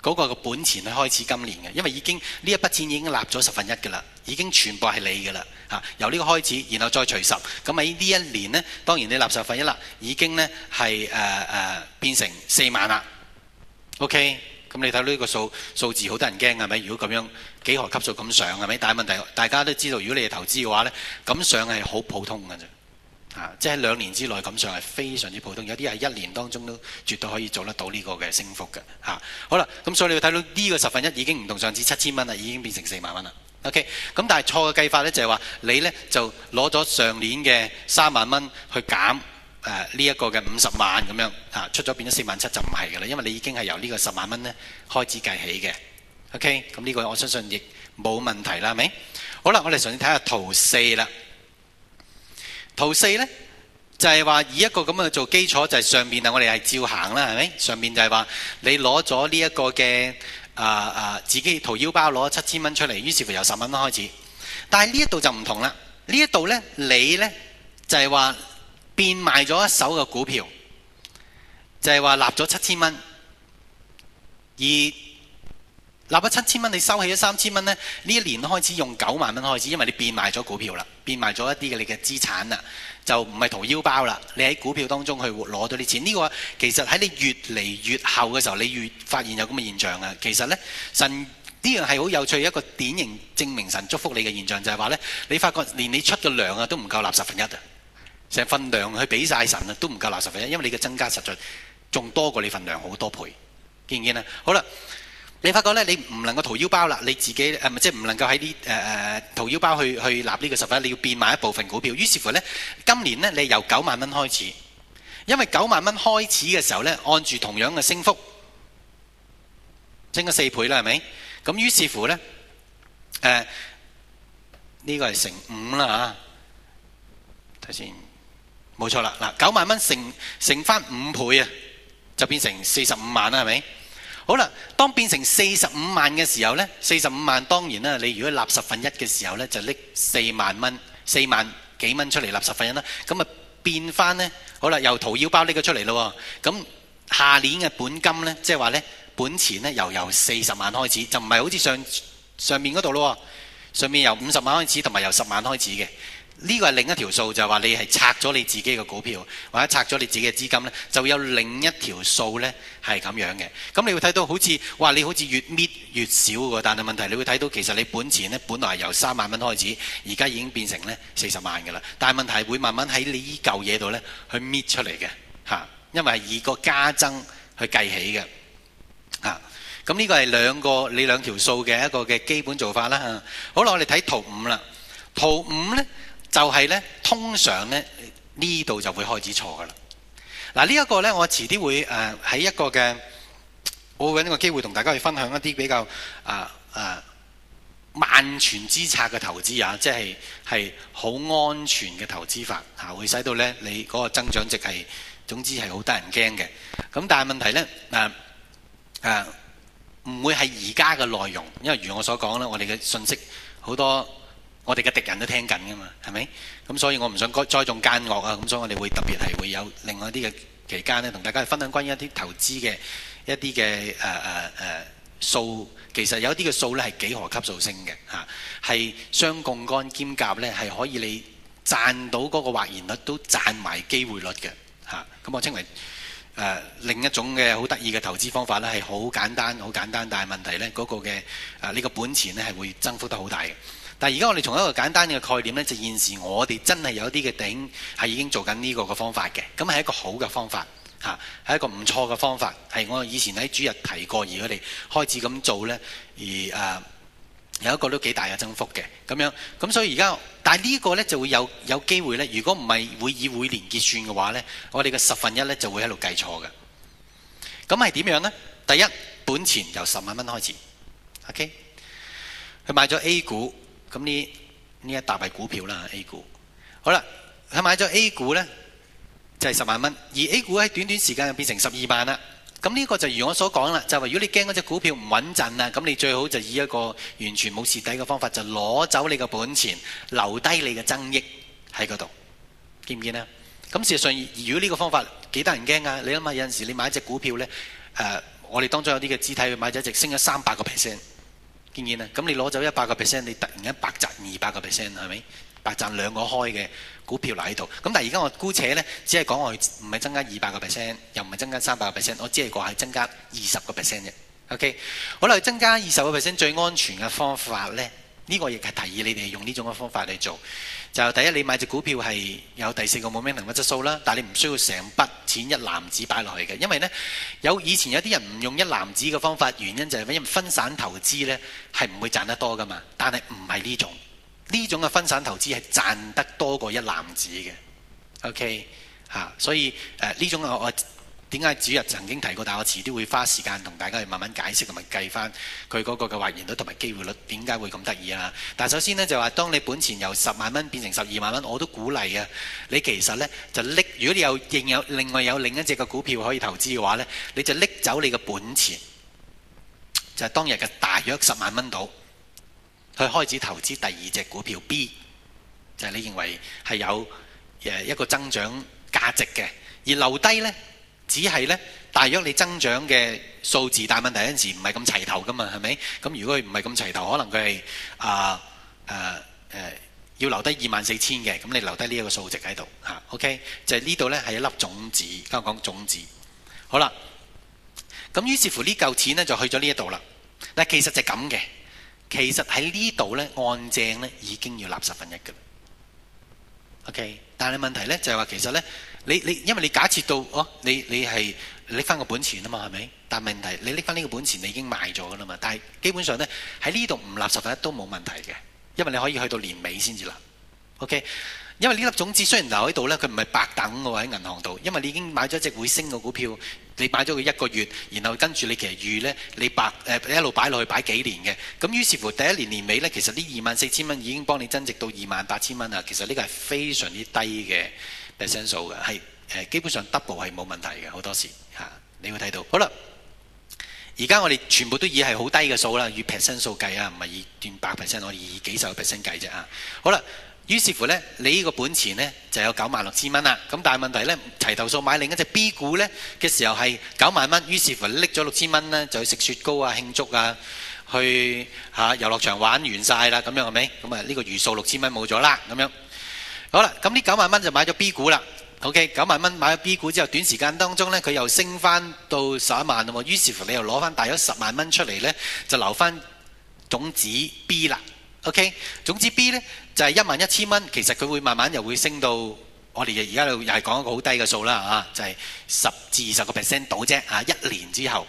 嗰個嘅本錢去開始今年嘅，因為已經呢一筆錢已經立咗十分一噶啦，已經全部係你噶啦吓，由呢個開始，然後再除十，咁喺呢一年呢，當然你立十分一啦，已經呢係誒誒變成四萬啦。O K. 咁你睇到呢個數數字好多人驚係咪？如果咁樣幾何級數咁上係咪？但係問題大家都知道，如果你係投資嘅話呢，咁上係好普通㗎啫、啊。即係兩年之內咁上係非常之普通，有啲係一年當中都絕對可以做得到呢個嘅升幅嘅、啊。好啦，咁所以你睇到呢個十分一已經唔同上次七千蚊啦，已經變成四萬蚊啦。O K. 咁但係錯嘅計法呢，就係話你呢就攞咗上年嘅三萬蚊去減。誒呢一個嘅五十萬咁樣啊，出咗變咗四萬七就唔係㗎啦，因為你已經係由個呢個十萬蚊咧開始計起嘅。OK，咁、嗯、呢、呢個我相信亦冇問題啦，係咪？好啦，我哋上次睇下圖四啦。圖四呢，就係、是、話以一個咁嘅做基礎，就係、是、上面啊，我哋係照行啦，係咪？上面就係話你攞咗呢一個嘅啊啊自己掏腰包攞咗七千蚊出嚟，於是乎由十萬蚊開始。但係呢一度就唔同啦，呢一度呢，你呢，就係、是、話。變賣咗一手嘅股票，就係話立咗七千蚊，而立咗七千蚊，你收起咗三千蚊呢，呢一年開始用九萬蚊開始，因為你變賣咗股票啦，變賣咗一啲嘅你嘅資產啦，就唔係掏腰包啦。你喺股票當中去攞到啲錢，呢個其實喺你越嚟越後嘅時候，你越發現有咁嘅現象啊。其實呢，神呢樣係好有趣，一個典型證明神祝福你嘅現象就係話呢，你發覺連你出嘅糧啊都唔夠立十分一啊。成份量去俾晒神啊，都唔夠納十分一，因為你嘅增加實在仲多過你份量好多倍，見唔見啊？好啦，你發覺咧，你唔能夠掏腰包啦，你自己誒，即係唔能夠喺啲誒誒掏腰包去去納呢個十分一，你要變賣一部分股票。於是乎咧，今年咧，你由九萬蚊開始，因為九萬蚊開始嘅時候咧，按住同樣嘅升幅，升咗四倍啦，係咪？咁於是乎咧，誒、呃、呢、呢個係乘五啦嚇，睇先。冇錯啦，嗱，九萬蚊乘，乘乘翻五倍啊，就變成四十五萬啦，係咪？好啦，當變成四十五萬嘅時候呢，四十五萬當然啦，你如果納十分一嘅時候呢，就拎四萬蚊、四萬幾蚊出嚟納十分一啦。咁啊變翻呢，好啦，由掏腰包拎佢出嚟咯。咁下年嘅本金呢，即係話呢，本錢呢，又由四十萬開始，就唔係好似上上面嗰度咯。上面由五十萬開始，同埋由十萬開始嘅。呢個係另一條數，就係、是、話你係拆咗你自己嘅股票，或者拆咗你自己嘅資金呢，就有另一條數呢係咁樣嘅。咁你會睇到好似哇，你好似越搣越少喎。但係問題是你會睇到其實你本錢呢，本來係由三萬蚊開始，而家已經變成呢四十萬㗎啦。但係問題會慢慢喺你呢嚿嘢度呢去搣出嚟嘅嚇，因為係以個加增去計起嘅嚇。咁呢個係兩個你兩條數嘅一個嘅基本做法啦。好啦，我哋睇圖五啦，圖五呢。就係呢，通常呢呢度就會開始錯㗎喇。嗱、啊，呢、這、一個呢，我遲啲會誒喺、啊、一個嘅，我揾個機會同大家去分享一啲比較啊啊萬全之策嘅投資啊，即係係好安全嘅投資法吓、啊，會使到呢你嗰個增長值係總之係好得人驚嘅。咁但係問題呢，誒誒唔會係而家嘅內容，因為如我所講呢我哋嘅信息好多。我哋嘅敵人都聽緊㗎嘛，係咪？咁所以，我唔想栽栽種奸惡啊！咁所以，我哋會特別係會有另外啲嘅期間呢，同大家分享關於一啲投資嘅一啲嘅誒誒誒數。其實有啲嘅數呢係幾何級數升嘅嚇，係雙槓桿兼夾呢，係可以你賺到嗰個獲益率都賺埋機會率嘅嚇。咁、啊、我稱為誒、啊、另一種嘅好得意嘅投資方法呢，係好簡單、好簡單，但係問題呢，嗰、嗰個嘅啊呢、呢個本錢呢，係會增幅得好大嘅。但而家我哋從一個簡單嘅概念呢，就現時我哋真係有啲嘅頂係已經做緊呢個嘅方法嘅，咁係一個好嘅方法嚇，係一個唔錯嘅方法，係我以前喺主日提過，而我哋開始咁做呢，而誒、啊、有一個都幾大嘅增幅嘅，咁樣咁所以而家，但係呢個呢就會有有機會呢。如果唔係會以每年結算嘅話呢，我哋嘅十分一呢就會喺度計錯嘅。咁係點樣呢？第一，本錢由十萬蚊開始，OK，佢買咗 A 股。咁呢呢一笪係股票啦，A 股。好啦，佢買咗 A 股呢，就係、是、十萬蚊。而 A 股喺短短時間就變成十二萬啦。咁呢個就如我所講啦，就係、是、如果你驚嗰隻股票唔穩陣啦，咁你最好就以一個完全冇蝕底嘅方法，就攞走你嘅本錢，留低你嘅增益喺嗰度，見唔見啊？咁事實上，如果呢個方法幾得人驚啊？你諗下，有陣時你買隻股票呢、呃，我哋當中有啲嘅肢體買咗，直升咗三百個 percent。見見啦，咁你攞走一百個 percent，你突然間白賺二百個 percent，係咪？白賺兩個開嘅股票留喺度。咁但係而家我姑且呢，只係講我唔係增加二百個 percent，又唔係增加三百個 percent，我只係講係增加二十個 percent 啫。OK，好啦，增加二十個 percent 最安全嘅方法呢，呢、呢個亦係提議你哋用呢種嘅方法嚟做。就第一，你買隻股票係有第四個 momentum 嘅質素啦，但係你唔需要成筆錢一籃子擺落去嘅，因為呢，有以前有啲人唔用一籃子嘅方法，原因就係咩？因為分散投資呢係唔會賺得多㗎嘛，但係唔係呢種呢種嘅分散投資係賺得多過一籃子嘅。OK 吓，所以誒呢、呃、種我。我點解，主日曾經提過，但我遲啲會花時間同大家去慢慢解釋同埋計翻佢嗰個嘅還原率同埋機會率點解會咁得意啊！但首先呢，就話，當你本錢由十萬蚊變成十二萬蚊，我都鼓勵啊！你其實呢，就拎，如果你有認有另外有另一隻嘅股票可以投資嘅話呢，你就拎走你嘅本錢，就係當日嘅大約十萬蚊到，去開始投資第二隻股票 B，就係你認為係有誒一個增長價值嘅，而留低呢。只係咧大約你增長嘅數字，大問題有陣時唔係咁齊頭噶嘛，係咪？咁如果佢唔係咁齊頭，可能佢係啊誒要留低二萬四千嘅，咁你留低呢一個數值喺度吓 OK，就係呢度咧係一粒種子，剛剛講種子。好啦，咁於是乎呢嚿錢咧就去咗呢一度啦。嗱，其實就咁嘅，其實喺呢度咧按正咧已經要納十分一噶啦。OK，但係問題咧就係、是、話其實咧。你你，因為你假設到哦，你你係搦翻個本錢啊嘛，係咪？但問題你拎翻呢個本錢，你已經賣咗噶啦嘛。但係基本上呢，喺呢度唔納十份一都冇問題嘅，因為你可以去到年尾先至啦 OK，因為呢粒種子雖然留喺度呢，佢唔係白等嘅喎，喺銀行度，因為你已經買咗隻會升嘅股票，你買咗佢一個月，然後跟住你其實預呢，你白、呃、你一路擺落去擺幾年嘅。咁於是乎第一年年尾呢，其實呢二萬四千蚊已經幫你增值到二萬八千蚊啦。其實呢個係非常之低嘅。percent 數嘅係誒基本上 double 係冇問題嘅，好多時嚇，你會睇到好啦。而家我哋全部都以係好低嘅數啦，以 percent 數計啊，唔係以段百 percent，我哋以幾十 percent 計啫啊。好啦，於是乎呢，你呢個本錢呢就有九萬六千蚊啦。咁但係問題呢，齊頭數買另一隻 B 股呢嘅時候係九萬蚊，於是乎拎咗六千蚊呢，就去食雪糕啊、慶祝啊、去嚇遊樂場玩完晒啦，咁樣係咪？咁啊呢個餘數六千蚊冇咗啦，咁樣。好啦，咁呢九萬蚊就買咗 B 股啦。O K，九萬蚊買咗 B 股之後，短時間當中呢，佢又升翻到十一萬啦。於是乎，你又攞翻大約十萬蚊出嚟呢，就留翻總指 B 啦。OK，總指 B 呢，就係一萬一千蚊，其實佢會慢慢又會升到，我哋而家又係講一個好低嘅數啦啊，就係十至二十個 percent 到啫啊，一年之後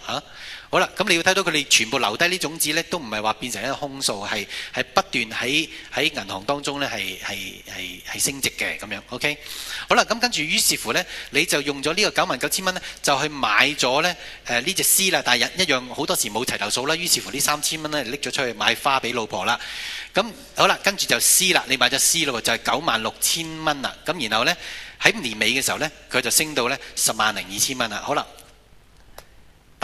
好啦，咁你要睇到佢哋全部留低呢種子呢，都唔係話變成一個空數，係係不斷喺喺銀行當中呢，係係係升值嘅咁樣。OK，好啦，咁跟住於是乎呢，你就用咗呢個九萬九千蚊呢，就去買咗呢呢隻、呃這個、C 啦，但係一樣樣好多時冇齊頭數啦。於是乎呢三千蚊呢，拎咗出去買花俾老婆啦。咁好啦，跟住就 C 啦，你買咗 C 咯喎，就係九萬六千蚊啦。咁然後呢，喺年尾嘅時候呢，佢就升到呢十萬零二千蚊啦。10, 000, 000, 000, 000, 000, 000, 好啦。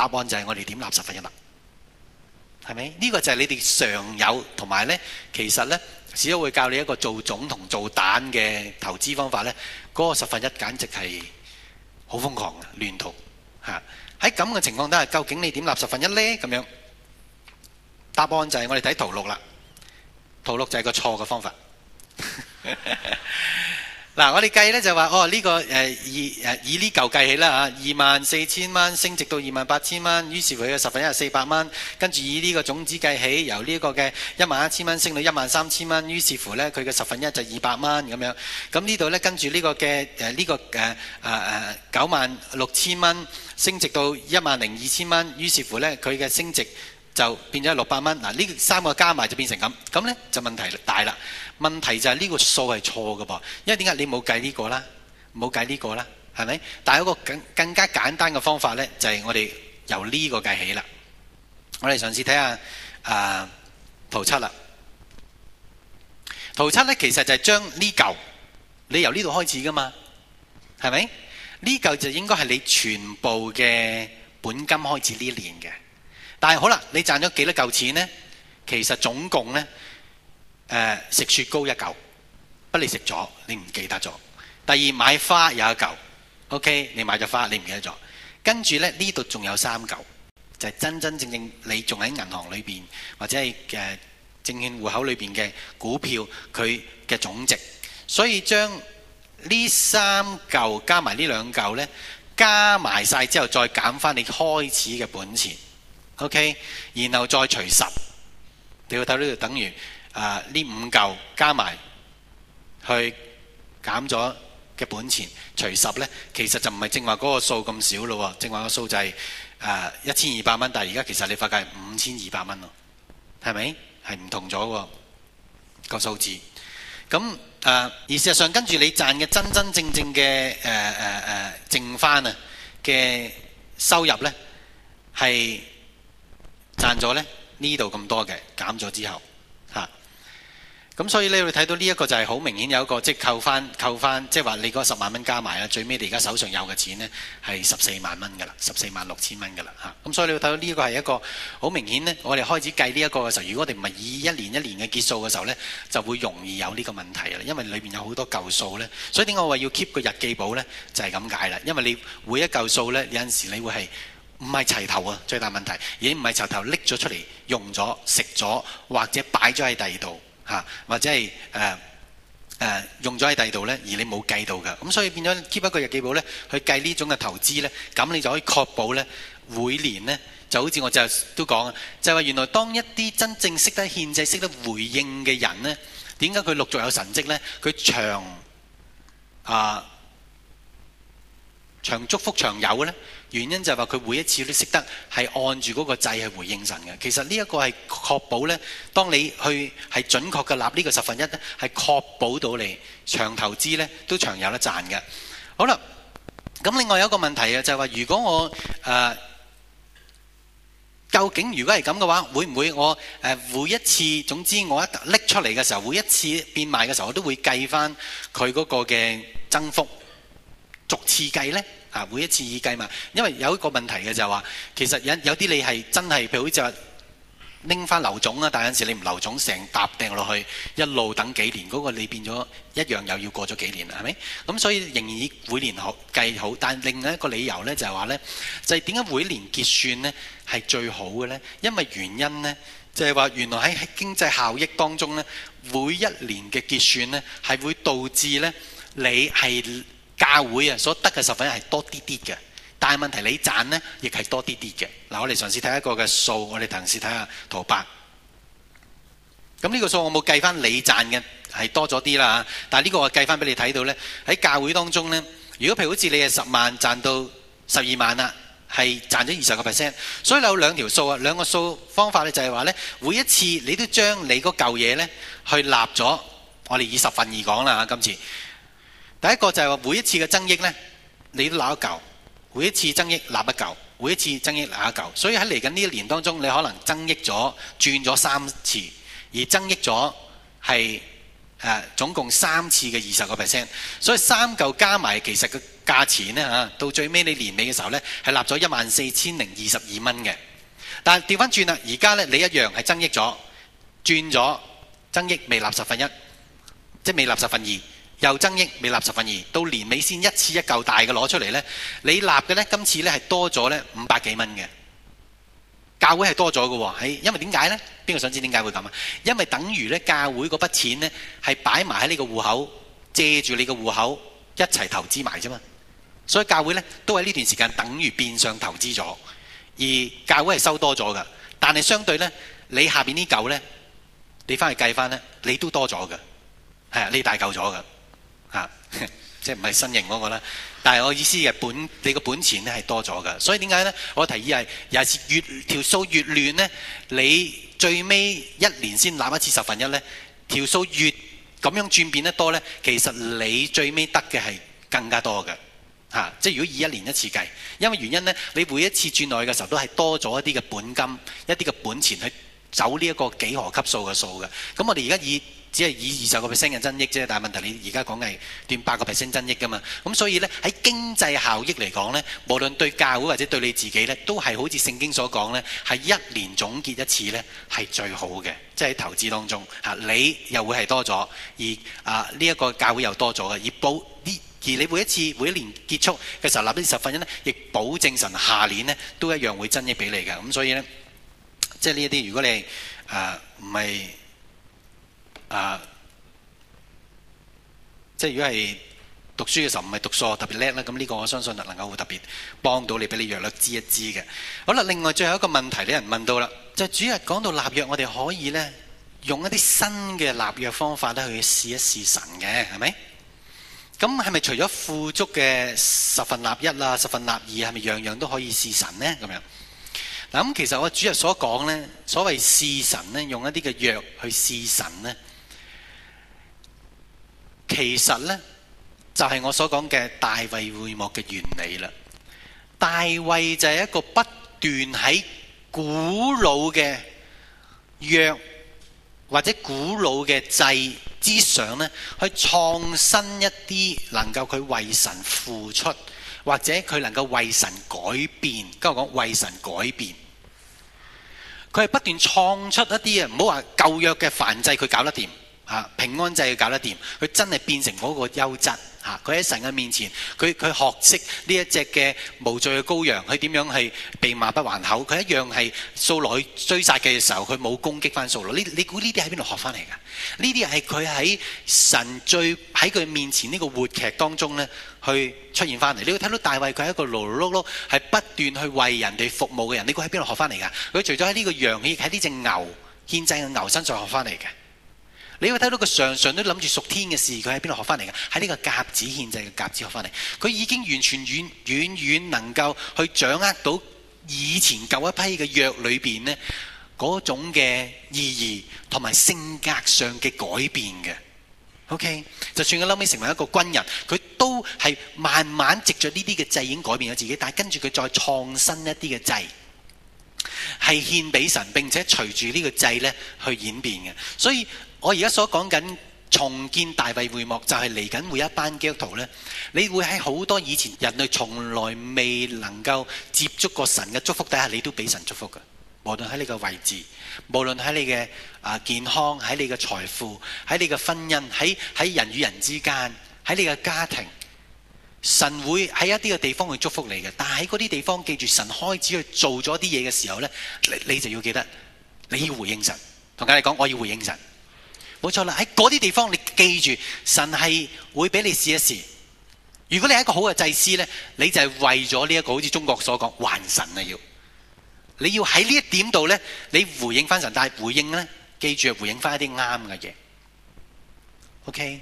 答案就係我哋點立十分一啦，係咪？呢個就係你哋常有同埋呢，其實呢，始終會教你一個做種同做蛋嘅投資方法呢嗰、嗰個十分一簡直係好瘋狂嘅亂塗吓。喺咁嘅情況底下，究竟你點立十分一呢？咁樣，答案就係我哋睇圖六啦，圖六就係個錯嘅方法。 嗱，我哋計呢就話，哦呢、這個誒二誒以呢舊計起啦嚇，二萬四千蚊升值到二萬八千蚊，於是乎佢嘅十分一係四百蚊。跟住以呢個種子計起，由呢個個嘅一萬一千蚊升到一萬三千蚊，於是乎呢，佢嘅十分一就二百蚊咁樣。咁呢度呢，跟住呢個嘅呢、啊這個誒誒九萬六千蚊升值到一萬零二千蚊，於是乎呢，佢嘅升值就變咗六百蚊。嗱、啊、呢三個加埋就變成咁，咁呢，就問題大啦。問題就係呢個數係錯㗎噃，因為點解你冇計呢個啦？冇計呢個啦，係咪？但係一個更更加簡單嘅方法咧，就係、是、我哋由呢個計起啦。我哋上次睇下誒圖七啦，圖七咧其實就係將呢嚿你由呢度開始噶嘛，係咪？呢嚿就應該係你全部嘅本金開始呢年嘅。但係好啦，你賺咗幾多嚿錢咧？其實總共咧。誒食雪糕一嚿，不你食咗，你唔記得咗。第二買花有一嚿，OK，你買咗花，你唔記得咗。跟住呢呢度仲有三嚿，就係、是、真真正正你仲喺銀行裏邊，或者係誒、呃、證券戶口裏邊嘅股票佢嘅總值。所以將呢三嚿加埋呢兩嚿呢，加埋晒之後再減翻你開始嘅本錢，OK，然後再除十，你要睇呢度等於。啊！呢五嚿加埋去減咗嘅本錢除十呢，其實就唔係正話嗰個數咁少咯。正話個數就係一千二百蚊，但係而家其實你發覺係五千二百蚊咯，係咪？係唔同咗、個數字。咁誒、啊、而事實上跟住你賺嘅真真正正嘅誒誒誒淨翻啊嘅收入呢，係賺咗呢度咁多嘅減咗之後。咁所以你會睇到呢一個就係好明顯有一個即係、即係、扣翻扣翻，即係話你嗰十萬蚊加埋啦，最尾你而家手上有嘅錢呢，係十四萬蚊噶啦，十四萬六千蚊噶啦吓。咁所以你會睇到呢個係一個好明顯呢，我哋開始計呢一個嘅時候，如果我哋唔係以一年一年嘅結數嘅時候呢，就會容易有呢個問題啦。因為裏面有好多舊數呢。所以點解我話要 keep 個日記簿呢，就係咁解啦。因為你每一舊數呢，有陣時你會係唔係齊頭啊，最大問題已經唔係齊頭，拎咗出嚟用咗食咗或者擺咗喺第二度。嚇，或者係誒誒用咗喺第度咧，而你冇計到嘅。咁所以變咗 keep 一個日記簿咧，去計呢種嘅投資咧，咁你就可以確保咧，每年咧就好似我就都講啊，就係話原來當一啲真正識得限制、識得回應嘅人咧，點解佢陸續有神跡咧？佢長啊長祝福長有嘅咧。原因就係話佢每一次都識得係按住嗰個掣去回應神嘅。其實呢一個係確保呢，當你去係準確嘅立呢個十分一呢，係確保到你長投資呢都長有得賺嘅。好啦，咁另外有一個問題啊，就係、是、話如果我誒、呃、究竟如果係咁嘅話，會唔會我、呃、每一次總之我一拎出嚟嘅時候，每一次變賣嘅時候，我都會計翻佢嗰個嘅增幅逐次計呢？啊，每一次以計嘛，因為有一個問題嘅就係話，其實有有啲你係真係，譬如好似話拎翻留總啦，但係有陣時你唔留總，成沓訂落去，一路等幾年，嗰、嗰個你變咗一樣又要過咗幾年啦，係咪？咁所以仍然以每年好計好，但係另一個理由呢，就係話呢，就係點解每年結算呢係最好嘅呢？因為原因呢，就係、係、話原來喺經濟效益當中呢，每一年嘅結算呢係會導致呢你係。教會啊所得嘅十分係多啲啲嘅，但係問題，你賺呢亦係多啲啲嘅。嗱，我哋嘗試睇一個嘅數，我哋嘗試睇下圖八。咁呢個數我冇計翻你賺嘅係多咗啲啦，但係呢個我計翻俾你睇到呢，喺教會當中呢，如果譬如好似你係十萬賺到十二萬啦，係賺咗二十個 percent。所以你有兩條數啊，兩個數方法呢，就係話呢，每一次你都將你嗰嚿嘢呢去立咗，我哋以十分二講啦，今次。第一個就係話每一次嘅增益呢，你都攬一舊；每一次增益攬一舊；每一次增益攬一舊。所以喺嚟緊呢一年當中，你可能增益咗轉咗三次，而增益咗係誒總共三次嘅二十個 percent。所以三舊加埋，其實個價錢呢，到最尾你年尾嘅時候呢，係攬咗一萬四千零二十二蚊嘅。但係調翻轉啦，而家呢，你一樣係增益咗轉咗增益，未攬十分一，即未攬十分二。又增益，未立十分二，到年尾先一次一嚿大嘅攞出嚟呢。你立嘅呢，今次呢，係多咗呢五百幾蚊嘅，教會係多咗嘅喎，係因為點解呢？邊個想知點解會咁啊？因為等於呢教會嗰筆錢呢，係擺埋喺呢個戶口，借住你個戶口一齊投資埋啫嘛。所以教會呢，都喺呢段時間等於變相投資咗，而教會係收多咗㗎。但係相對呢，你下邊呢嚿呢，你翻去計翻呢，你都多咗嘅，係啊，你大嚿咗嘅。啊， 即係唔係新型嗰、那個啦？但係我意思係本你個本錢咧係多咗嘅，所以點解呢？我提議係，又係越條數越亂呢，你最尾一年先攬一次十分一呢條數越咁樣轉變得多呢，其實你最尾得嘅係更加多嘅。嚇、啊，即係如果以一年一次計，因為原因呢，你每一次轉去嘅時候都係多咗一啲嘅本金、一啲嘅本錢去走呢一個幾何級數嘅數嘅。咁我哋而家以。只係以二十個 percent 嘅增益啫，但係問題係你而家講係斷八個 percent 增益噶嘛？咁所以呢，喺經濟效益嚟講呢，無論對教會或者對你自己呢，都係好似聖經所講呢，係一年總結一次呢係最好嘅。即係喺投資當中嚇，你又會係多咗，而啊呢一個教會又多咗嘅，而保呢而你每一次每一年結束嘅時候立呢十分一呢，亦保證神下年呢都一樣會增益俾你嘅。咁所以呢，即係呢一啲如果你啊唔係。不是啊！即係如果係讀書嘅時候唔係讀數特別叻啦，咁呢個我相信能夠會特別幫到你，俾你約略知一知嘅。好啦，另外最後一個問題啲人問到啦，就係主日講到立約，我哋可以呢用一啲新嘅立約方法咧去試一試神嘅，係咪？咁係咪除咗富足嘅十份立一啦、十份立二，係咪樣樣都可以試神呢？咁樣嗱，咁其實我主日所講呢，所謂試神呢，用一啲嘅藥去試神呢。其實呢，就係我所講嘅大衛會幕嘅原理啦。大衛就係一個不斷喺古老嘅約或者古老嘅制之上呢，去創新一啲，能夠佢為神付出，或者佢能夠為神改變。今日講為神改變，佢係不斷創出一啲啊，唔好話舊約嘅繁制，佢搞得掂。啊！平安祭要搞得掂，佢真係變成嗰個優質嚇。佢喺神嘅面前，佢佢學識呢一隻嘅無罪嘅羔羊，佢點樣係被罵不還口？佢一樣係掃羅去，追殺嘅時候，佢冇攻擊翻掃羅。你你估呢啲喺邊度學翻嚟㗎？呢啲係佢喺神最喺佢面前呢個活劇當中咧，去出現翻嚟。你會睇到大衛佢係一個勞碌碌，係不斷去為人哋服務嘅人。你估喺邊度學翻嚟㗎？佢除咗喺呢個羊器，喺呢隻牛獻祭嘅牛身上學翻嚟嘅。你會睇到佢常常都諗住屬天嘅事，佢喺邊度學翻嚟嘅？喺呢個甲子獻祭嘅甲子學翻嚟。佢已經完全遠遠遠能夠去掌握到以前舊一批嘅約裏邊呢嗰種嘅意義同埋性格上嘅改變嘅。OK，就算佢後尾成為一個軍人，佢都係慢慢藉着呢啲嘅祭已經改變咗自己，但係跟住佢再創新一啲嘅祭，係獻俾神，並且隨住呢個祭呢去演變嘅。所以。我而家所講緊重建大衞會幕，就係嚟緊會一班基督徒呢，你會喺好多以前人類從來未能夠接觸過神嘅祝福底下，你都俾神祝福嘅。無論喺你嘅位置，無論喺你嘅啊健康，喺你嘅財富，喺你嘅婚姻，喺喺人與人之間，喺你嘅家庭，神會喺一啲嘅地方去祝福你嘅。但喺嗰啲地方，記住神開始去做咗啲嘢嘅時候呢，你就要記得你要回應神。同緊你講，我要回應神。冇錯啦，喺嗰啲地方，你記住，神係會俾你試一試。如果你係一個好嘅祭司咧，你就係為咗呢一個，好似中國所講還神啊，要你要喺呢一點度咧，你回應翻神，但係回應咧，記住回應翻一啲啱嘅嘢。OK，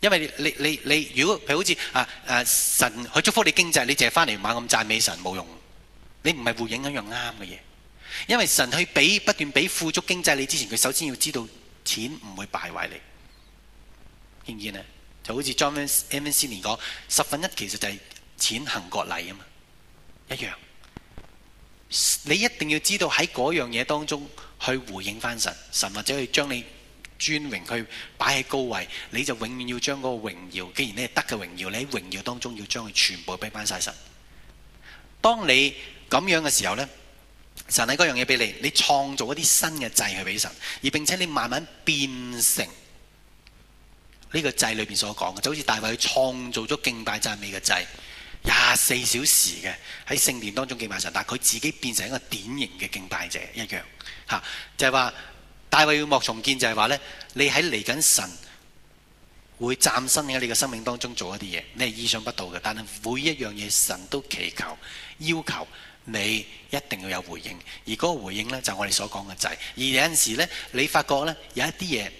因為你你你如果譬如好似啊,啊神去祝福你經濟，你淨係翻嚟猛咁讚美神冇用，你唔係回應一樣啱嘅嘢。因為神去俾不斷俾富足經濟你之前，佢首先要知道。錢唔會敗壞你，點解呢？就好似 John M. M. C. 年講，十分一其實就係錢行割禮啊嘛，一樣。你一定要知道喺嗰樣嘢當中去回應翻神，神或者去將你尊榮去擺喺高位，你就永遠要將嗰個榮耀，既然你係得嘅榮耀，你喺榮耀當中要將佢全部俾翻晒神。當你咁樣嘅時候呢。神係嗰樣嘢，俾你，你創造一啲新嘅祭去俾神，而並且你慢慢變成呢、這個祭裏邊所講嘅，就好似大衛去創造咗敬拜讚美嘅祭，廿四小時嘅喺聖殿當中敬拜神，但係佢自己變成一個典型嘅敬拜者一樣，吓、啊、就係、是、話大衛要莫重建就係話你喺嚟緊神會嶄新喺你嘅生命當中做一啲嘢，你係意想不到嘅，但係每一樣嘢神都祈求要求。你一定要有回應，而嗰個回應呢，就是、我哋所講嘅債。而有陣時呢，你發覺呢，有一啲嘢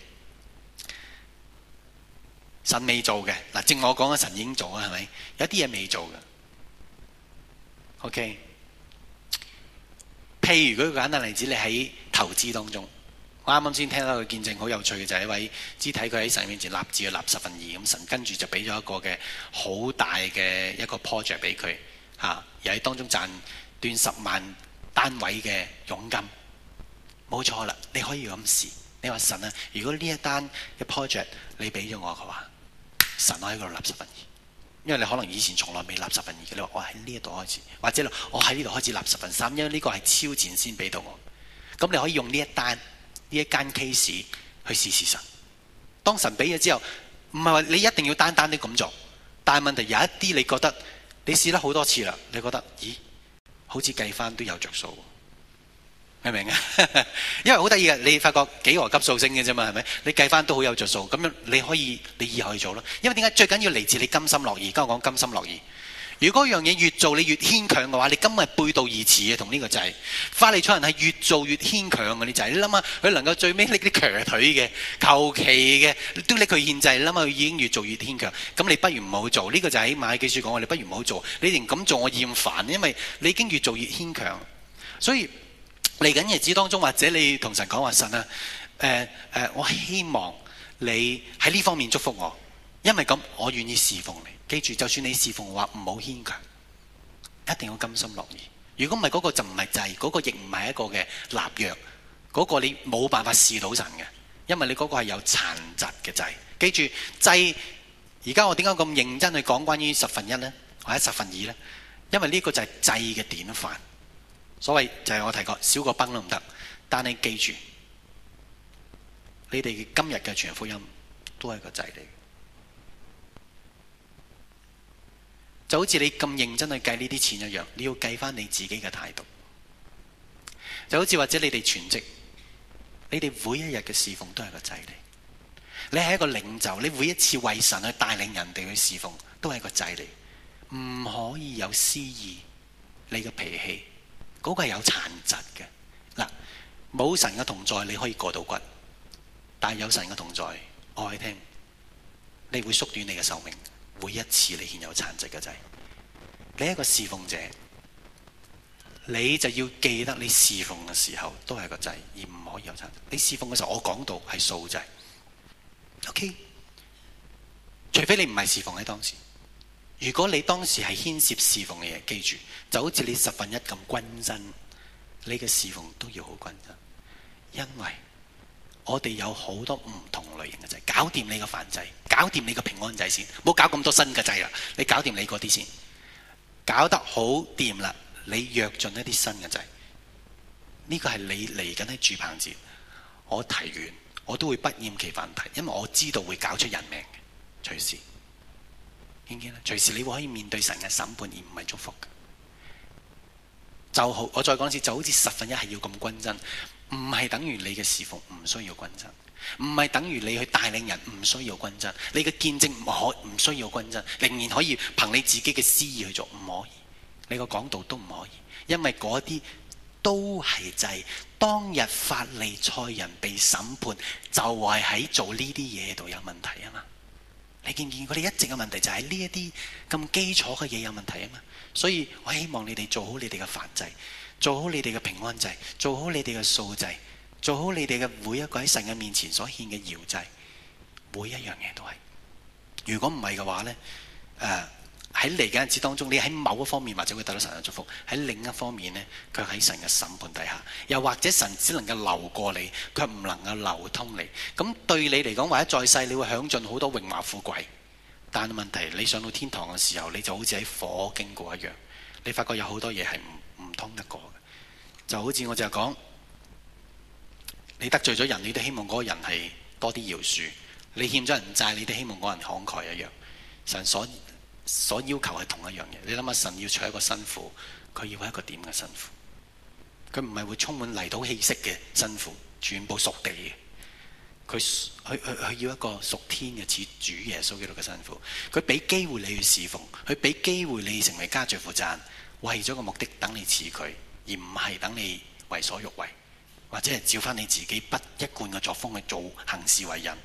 神未做嘅，嗱正我講嘅神已經做啊，係咪？有啲嘢未做嘅。OK，譬如如果、這個、簡單例子，你喺投資當中，我啱啱先聽到個見證好有趣嘅就係、是、一位肢體佢喺神面前立志要立十分二咁，神跟住就俾咗一個嘅好大嘅一個 project 俾佢嚇，而、啊、喺當中賺。斷十萬單位嘅佣金，冇錯啦。你可以咁試。你話神啊，如果呢一單嘅 project 你俾咗我的話，佢話神我喺度立十分二，因為你可能以前從來未立十分二嘅。你話我喺呢一度開始，或者我喺呢度開始立十分三，因為呢個係超前先俾到我。咁你可以用呢一單呢一間 case 去試試神。當神俾咗之後，唔係話你一定要單單啲咁做，但係問題有一啲你覺得你試咗好多次啦，你覺得咦？好似計返都有着數，明唔明啊？ 因為好得意嘅，你發覺幾何級數升嘅啫嘛，係咪？你計返都好有着數，咁樣你可以你二可以你以後去做囉！因為點解最緊要嚟自你甘心樂意，跟我講甘心樂意。如果一樣嘢越做你越牽強嘅話，你今日背道而馳嘅同呢個祭，花麗出人係越做越牽強嘅呢仔，你諗下佢能夠最尾拎啲強腿嘅，求其嘅都拎佢獻祭，諗下佢已經越做越牽強，咁你不如唔好做呢，這個就喺馬基說講，我不如唔好做，你連咁做我厭煩，因為你已經越做越牽強，所以嚟緊日子當中，或者你同神講話神啊，誒、呃、誒、呃，我希望你喺呢方面祝福我。因為咁，我願意侍奉你。記住，就算你侍奉話，話唔好牽強，一定要甘心樂意。如果唔係嗰個就唔係祭，嗰個亦唔係一個嘅立約。嗰個你冇辦法試到神嘅，因為你嗰個係有殘疾嘅祭。記住，祭而家我點解咁認真去講關於十分一呢？或者十分二呢？因為呢個就係祭嘅典範。所謂就係我提過，少個崩都唔得。但係記住，你哋今日嘅全福音都係個祭嚟。就好似你咁認真去計呢啲錢一樣，你要計翻你自己嘅態度。就好似或者你哋全職，你哋每一日嘅侍奉都係個祭禮。你係一個領袖，你每一次為神去帶領人哋去侍奉，都係一個祭禮，唔可以有私意、你嘅脾氣，嗰個係有殘疾嘅。嗱，冇神嘅同在，你可以過到骨；但有神嘅同在，愛聽，你會縮短你嘅壽命。每一次你獻有殘疾嘅祭，你係一個侍奉者，你就要記得你侍奉嘅時候都係個祭，而唔可以有殘疾。你侍奉嘅時候，我講到係素祭，OK。除非你唔係侍奉喺當時，如果你當時係牽涉侍奉嘅嘢，記住就好似你十分一咁均真，你嘅侍奉都要好均真，因為。我哋有好多唔同類型嘅祭，搞掂你個燔祭，搞掂你個平安祭先，唔好搞咁多新嘅祭啦。你搞掂你嗰啲先，搞得好掂啦。你約進一啲新嘅祭，呢、這個係你嚟緊喺住棚節。我提完，我都會不厭其煩提，因為我知道會搞出人命嘅，隨時，點點啦，隨時你會可以面對神嘅審判而唔係祝福嘅。就好，我再講一次，就好似十分一係要咁均真。唔係等於你嘅侍奉唔需要均真，唔係等於你去帶領人唔需要均真，你嘅見證唔可唔需要均真，仍然可以憑你自己嘅私意去做，唔可以，你個講道都唔可以，因為嗰啲都係制、就是、當日法利賽人被審判就係、是、喺做呢啲嘢度有問題啊嘛，你見唔見？佢哋一直嘅問題就喺呢一啲咁基礎嘅嘢有問題啊嘛，所以我希望你哋做好你哋嘅法制。做好你哋嘅平安祭，做好你哋嘅素祭，做好你哋嘅每一個喺神嘅面前所獻嘅搖祭，每一樣嘢都係。如果唔係嘅話咧，誒喺嚟緊日子當中，你喺某一方面或者會得到神嘅祝福；喺另一方面咧，佢喺神嘅審判底下，又或者神只能夠流過你，佢唔能夠流通你。咁對你嚟講或者在世，你會享盡好多榮華富貴，但問題你上到天堂嘅時候，你就好似喺火經過一樣，你發覺有好多嘢係唔唔通得過。就好似我就講，你得罪咗人，你都希望嗰個人係多啲饒恕；你欠咗人債，你都希望嗰人慷慨一樣。神所所要求係同一樣嘢。你諗下，神要娶一個新婦，佢要一個點嘅新婦，佢唔係會充滿泥土氣息嘅新婦，全部屬地嘅。佢佢佢要一個屬天嘅，似主耶穌基督嘅新婦。佢俾機會你去侍奉，佢俾機會你成為家主負責人，為咗個目的等你似佢。而唔係等你為所欲為，或者係照翻你自己不一貫嘅作風去做行事為人。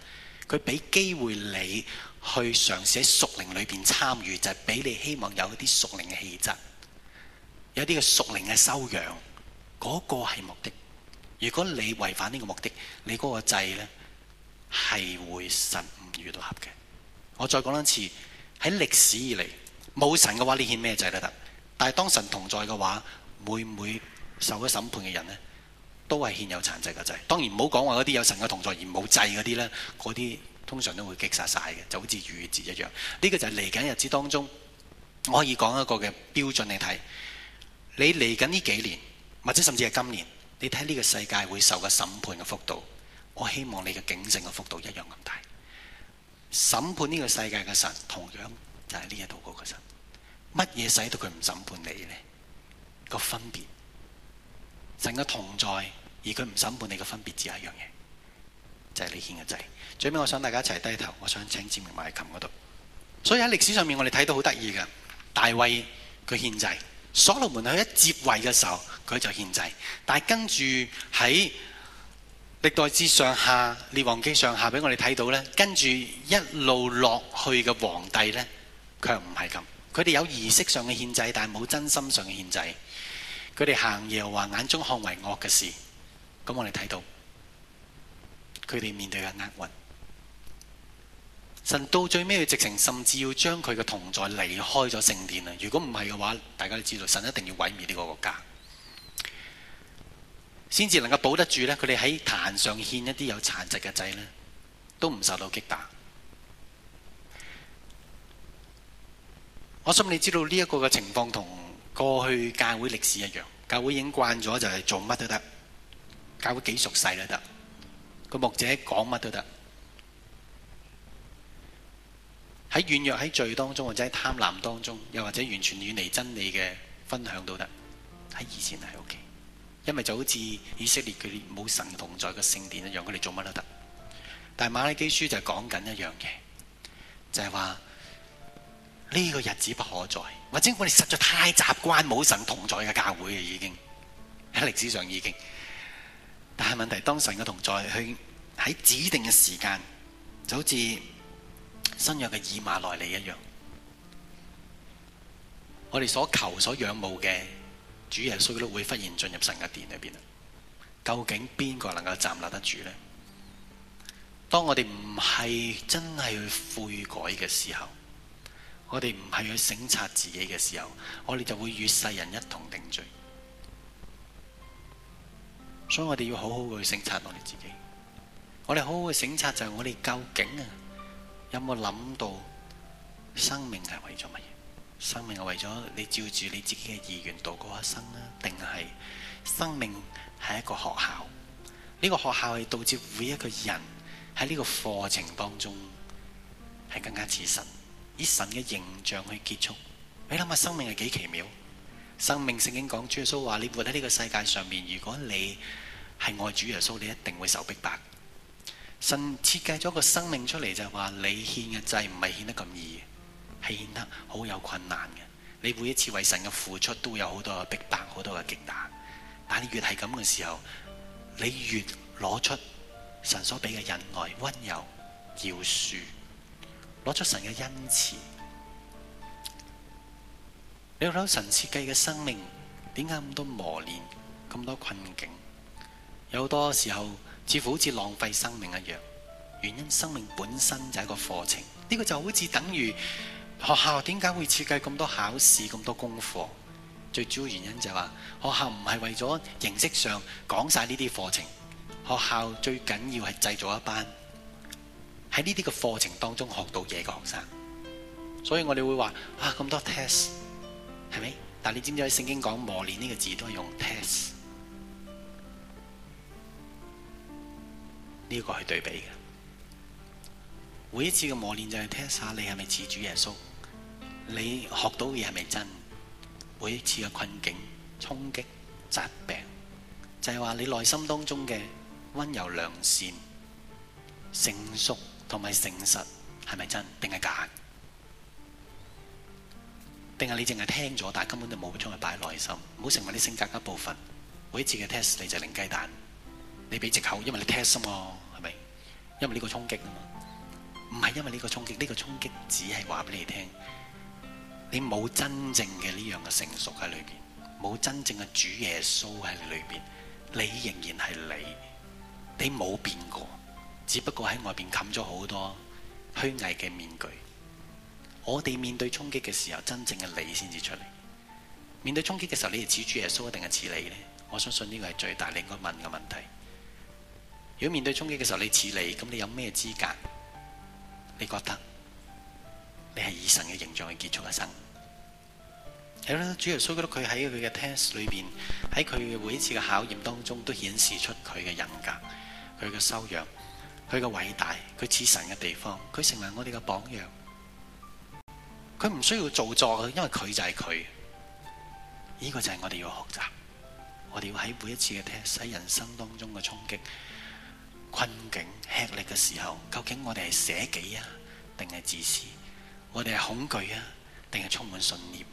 佢俾機會你去嘗試喺屬靈裏邊參與，就係、是、俾你希望有一啲屬靈嘅氣質，有啲嘅屬靈嘅修養。嗰、那個係目的。如果你違反呢個目的，你嗰個祭呢，係會神唔悅納嘅。我再講兩次，喺歷史以嚟，冇神嘅話，你欠咩祭都得。但係當神同在嘅話，每每受咗審判嘅人呢，都係欠有殘疾嘅祭。當然唔好講話嗰啲有神嘅同在而冇祭嗰啲呢。嗰啲通常都會擊殺晒嘅，就好似預兆一樣。呢、呢個就係嚟緊日子當中，我可以講一個嘅標準你睇。你嚟緊呢幾年，或者甚至係今年，你睇呢個世界會受嘅審判嘅幅度，我希望你嘅警醒嘅幅度一樣咁大。審判呢個世界嘅神，同樣就係呢一度嘅神。乜嘢使到佢唔審判你呢？個分別，神嘅同在，而佢唔審判你嘅分別，只係一樣嘢，就係、是、你獻嘅祭。最尾我想大家一齊低頭，我想請志明埋琴嗰度。所以喺歷史上面，我哋睇到好得意嘅大衛，佢獻祭，所羅門佢一接位嘅時候，佢就獻祭。但係跟住喺歷代志上下列王記上下，俾我哋睇到呢，跟住一路落去嘅皇帝呢，卻唔係咁。佢哋有儀式上嘅獻祭，但係冇真心上嘅獻祭。佢哋行耶和華眼中看為惡嘅事，咁我哋睇到佢哋面對嘅厄運。神到最尾去直情，甚至要將佢嘅同在離開咗聖殿啊！如果唔係嘅話，大家都知道神一定要毀滅呢個國家，先至能夠保得住咧。佢哋喺壇上獻一啲有殘疾嘅祭，咧，都唔受到擊打。我想你知道呢一個嘅情況同，過去教會歷史一樣，教會已經慣咗就係、是、做乜都得，教會幾熟悉都得，個牧者講乜都得，喺軟弱喺罪當中或者喺貪婪當中，又或者完全遠離真理嘅分享都得，喺以前係 OK，因為就好似以色列佢哋冇神同在嘅聖殿一樣，佢哋做乜都得，但係馬拉基書就係講緊一樣嘅，就係、是、話。呢個日子不可在，或者我哋實在太習慣冇神同在嘅教會已經喺歷史上已經，但係問題當神嘅同在去喺指定嘅時間，就好似新約嘅以馬內利一樣，我哋所求所仰慕嘅主耶穌都會忽然進入神嘅殿裏邊。究竟邊個能夠站立得住呢？當我哋唔係真係去悔改嘅時候。我哋唔係去省察自己嘅時候，我哋就會與世人一同定罪。所以我哋要好好去省察我哋自己。我哋好好去省察就係我哋究竟啊，有冇諗到生命係為咗乜嘢？生命係為咗你照住你自己嘅意願度過一生啊？定係生命係一個學校？呢、呢個學校係導致每一個人喺呢個課程當中係更加自信。以神嘅形象去結束。你諗下，生命係幾奇妙？生命聖經講，主耶穌話：「你活喺呢個世界上面，如果你係愛主耶穌，你一定會受逼迫。」神設計咗個生命出嚟就係話，你獻嘅祭唔係獻得咁易，係獻得好有困難嘅。你每一次為神嘅付出，都有好多嘅逼迫，好多嘅艱難。但你越係咁嘅時候，你越攞出神所俾嘅忍耐、溫柔、饒恕。攞出神嘅恩賜，你睇睇神設計嘅生命，點解咁多磨練，咁多困境，有好多時候似乎好似浪費生命一樣。原因，生命本身就係一個課程。呢個就好似等於學校點解會設計咁多考試，咁多功課。最主要原因就話、是係話，學校唔係為咗形式上講晒呢啲課程，學校最緊要係製造一班。喺呢啲嘅課程當中學到嘢嘅學生，所以我哋會話啊咁多 test 係咪？但係你知唔知喺聖經講磨練呢個字都係用 test 呢、這個係對比嘅。每一次嘅磨練就係 test 下你係咪似主耶穌？你學到嘅嘢係咪真？每一次嘅困境、衝擊、疾病，就係、是、話你內心當中嘅溫柔良善、成熟，同埋誠實係咪真？定係假？定係你淨係聽咗，但係根本就冇將佢擺喺內心，唔好成為你性格一部分。每一次嘅 test 你就零雞蛋，你俾藉口，因為你 test 喎，係咪？因為呢個衝擊啊嘛，唔係因為呢個衝擊，呢個衝擊只係話俾你聽，你冇真正嘅呢樣嘅成熟喺裏邊，冇真正嘅主耶穌喺裏邊，你仍然係你，你冇變過。只不過喺外邊冚咗好多虛偽嘅面具。我哋面對衝擊嘅時候，真正嘅你先至出嚟。面對衝擊嘅時候，你係似主耶穌定係似你咧？我相信呢個係最大你應該問嘅問題。如果面對衝擊嘅時候，你似你咁，那你有咩資格？你覺得你係以神嘅形象去結束一生係咯？主耶穌覺得佢喺佢嘅 test 裏邊，喺佢嘅每一次嘅考驗當中，都顯示出佢嘅人格、佢嘅修養。佢嘅偉大，佢似神嘅地方，佢成為我哋嘅榜樣。佢唔需要做作嘅，因為佢就係佢。呢個就係我哋要學習，我哋要喺每一次嘅 test，喺人生當中嘅衝擊、困境、吃力嘅時候，究竟我哋係捨己啊，定係自私？我哋係恐懼啊，定係充滿信念？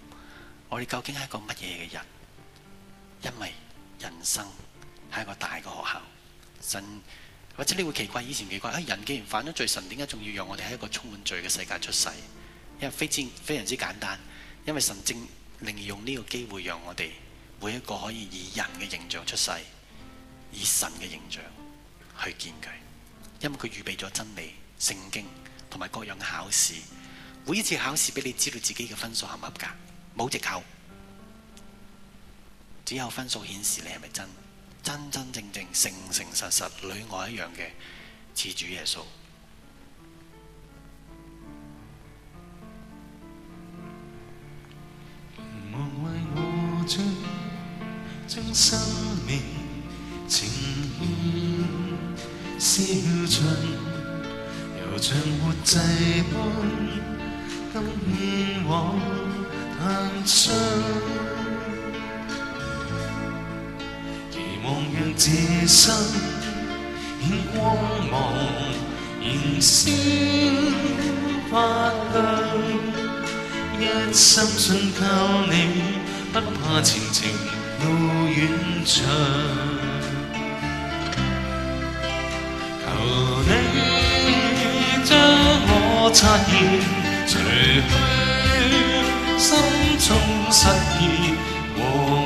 我哋究竟係一個乜嘢嘅人？因為人生係一個大嘅學校，真。或者你會奇怪，以前奇怪，啊人既然犯咗罪神，神點解仲要讓我哋喺一個充滿罪嘅世界出世？因為非之非常之簡單，因為神正利用呢個機會讓我哋每一個可以以人嘅形象出世，以神嘅形象去見佢，因為佢預備咗真理、聖經同埋各樣嘅考試，每一次考試俾你知道自己嘅分數合唔合格，冇借口，只有分數顯示你係咪真。真真正正、誠誠實實、裏外一樣嘅賜主耶穌。望讓這生顯光芒，燃燒發亮，一心信靠你，不怕前程路遠長。求你將我擦亮，除去心中失意。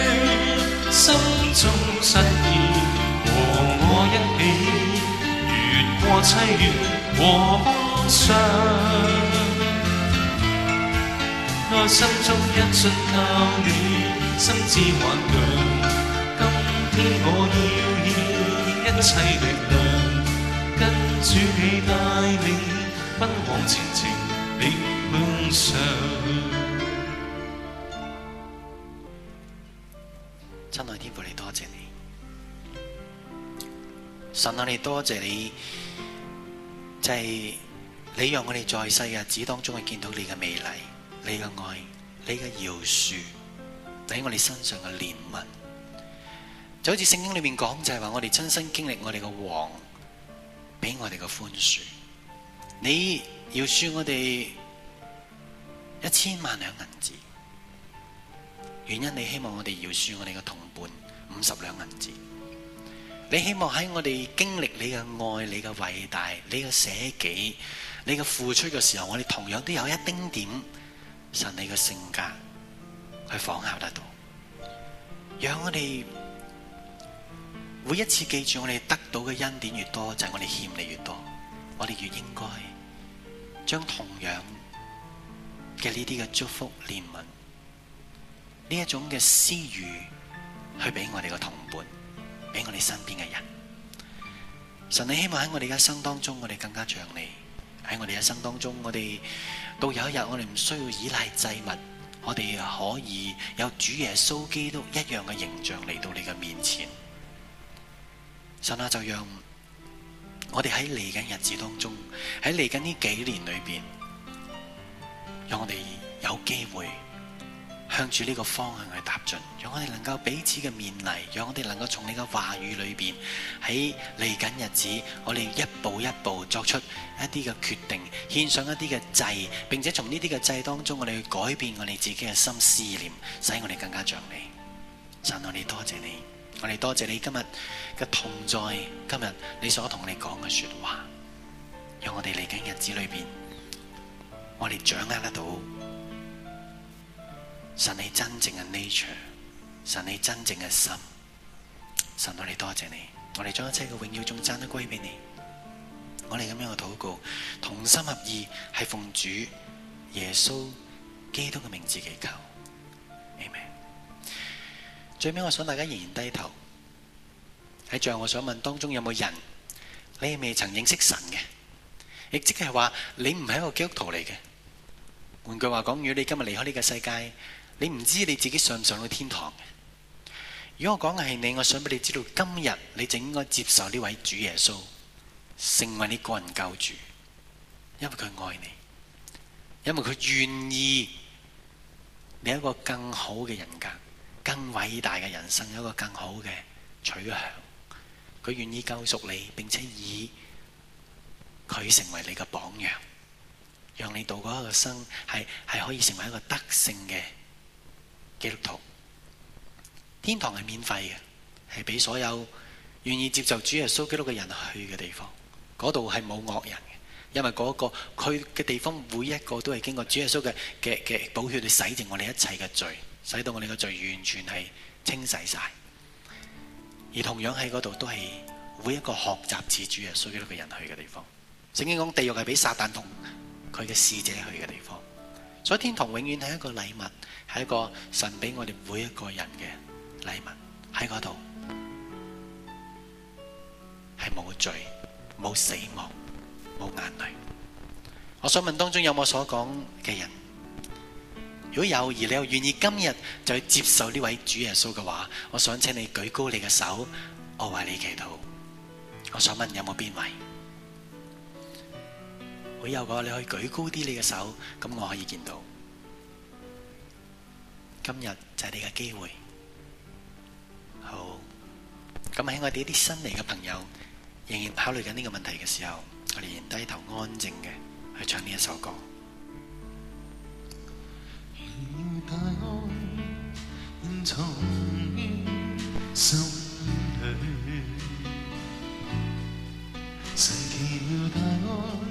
心中誓意，和我一起，越過淒怨和悲傷。我心中一心倚靠你，心志頑強。今天我要以一切力量，跟住你帶領奔往前程的夢想。蜂蜂蜂親愛天父你多謝你，神啊你多謝你，就係你讓我哋在世日子當中去見到你嘅美麗、你嘅愛、你嘅饒恕、喺我哋身上嘅憐憫，就好似聖經裏面講就係話我哋親身經歷我哋嘅王，俾我哋嘅寬恕，你要恕我哋一千萬兩銀子，原因你希望我哋饒恕我哋嘅同五十兩銀紙，你希望喺我哋經歷你嘅愛、你嘅偉大、你嘅捨己、你嘅付出嘅時候，我哋同樣都有一丁點神你嘅性格去仿效得到。讓我哋每一次記住我哋得到嘅恩典越多，就係、是、我哋欠你越多，我哋越應該將同樣嘅呢啲嘅祝福、憐憫呢一種嘅私語。去俾我哋個同伴，俾我哋身邊嘅人。神，你希望喺我哋一生當中，我哋更加像你；喺我哋一生當中我，我哋到有一日，我哋唔需要依賴祭物，我哋可以有主耶穌基督一樣嘅形象嚟到你嘅面前。神啊，就讓我哋喺嚟緊日子當中，喺嚟緊呢幾年裏邊，讓我哋有機會。向住呢個方向去踏進，讓我哋能夠彼此嘅勉勵，讓我哋能夠從你嘅話語裏邊，喺嚟緊日子，我哋一步一步作出一啲嘅決定，獻上一啲嘅祭，並且從呢啲嘅祭當中，我哋去改變我哋自己嘅心思念，使我哋更加像你。神，我哋多謝你，我哋多謝你今日嘅同在，今日你所同你講嘅說話，讓我哋嚟緊日子裏邊，我哋掌握得到。神你真正嘅 nature，神你真正嘅心，神我哋多謝你，我哋將一切嘅榮耀，仲爭得歸俾你，我哋咁樣嘅禱告，同心合意，係奉主耶穌基督嘅名字祈求，阿門最尾我想大家仍然低頭喺最後我想問當中有沒有人，你是沒有冇人你係未曾認識神嘅，亦即係話你唔係一個基督徒嚟嘅。換句話講，如果你今日離開呢個世界，你唔知你自己上唔上到天堂。如果我講嘅係你，我想俾你知道，今日你就應該接受呢位主耶穌，成為你個人救主，因為佢愛你，因為佢願意你有一個更好嘅人格、更偉大嘅人生，有一個更好嘅取向。佢願意救贖你，並且以佢成為你嘅榜樣，讓你度過一個生係係可以成為一個德性嘅。天堂係免費嘅，係俾所有願意接受主耶穌基督嘅人去嘅地方。嗰度係冇惡人嘅，因為嗰個佢嘅地方每一個都係經過主耶穌嘅嘅嘅寶血去洗淨我哋一切嘅罪，使到我哋嘅罪完全係清洗晒。而同樣喺嗰度都係每一個學習似主耶穌基督嘅人去嘅地方。聖經講地獄係俾撒旦同佢嘅使者去嘅地方。所以天堂永遠係一個禮物，係一個神俾我哋每一個人嘅禮物。喺嗰度，係冇罪、冇死亡、冇眼淚。我想問當中有冇所講嘅人，如果有而你又願意今日就去接受呢位主耶穌嘅話，我想請你舉高你嘅手，我為你祈禱。我想問有冇邊位？會有嘅，你可以舉高啲你嘅手，咁我可以見到。今日就係你嘅機會。好，咁喺我哋一啲新嚟嘅朋友仍然考慮緊呢個問題嘅時候，我哋仍然低頭安靜嘅去唱呢一首歌。橋，大愛。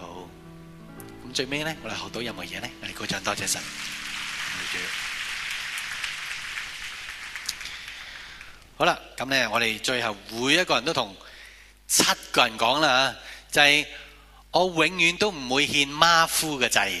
好，咁最尾咧，我哋學到任何嘢咧？我哋鼓掌多謝神，好啦，咁咧我哋最後每一個人都同七個人講啦，就係我永遠都唔會欠媽夫嘅債。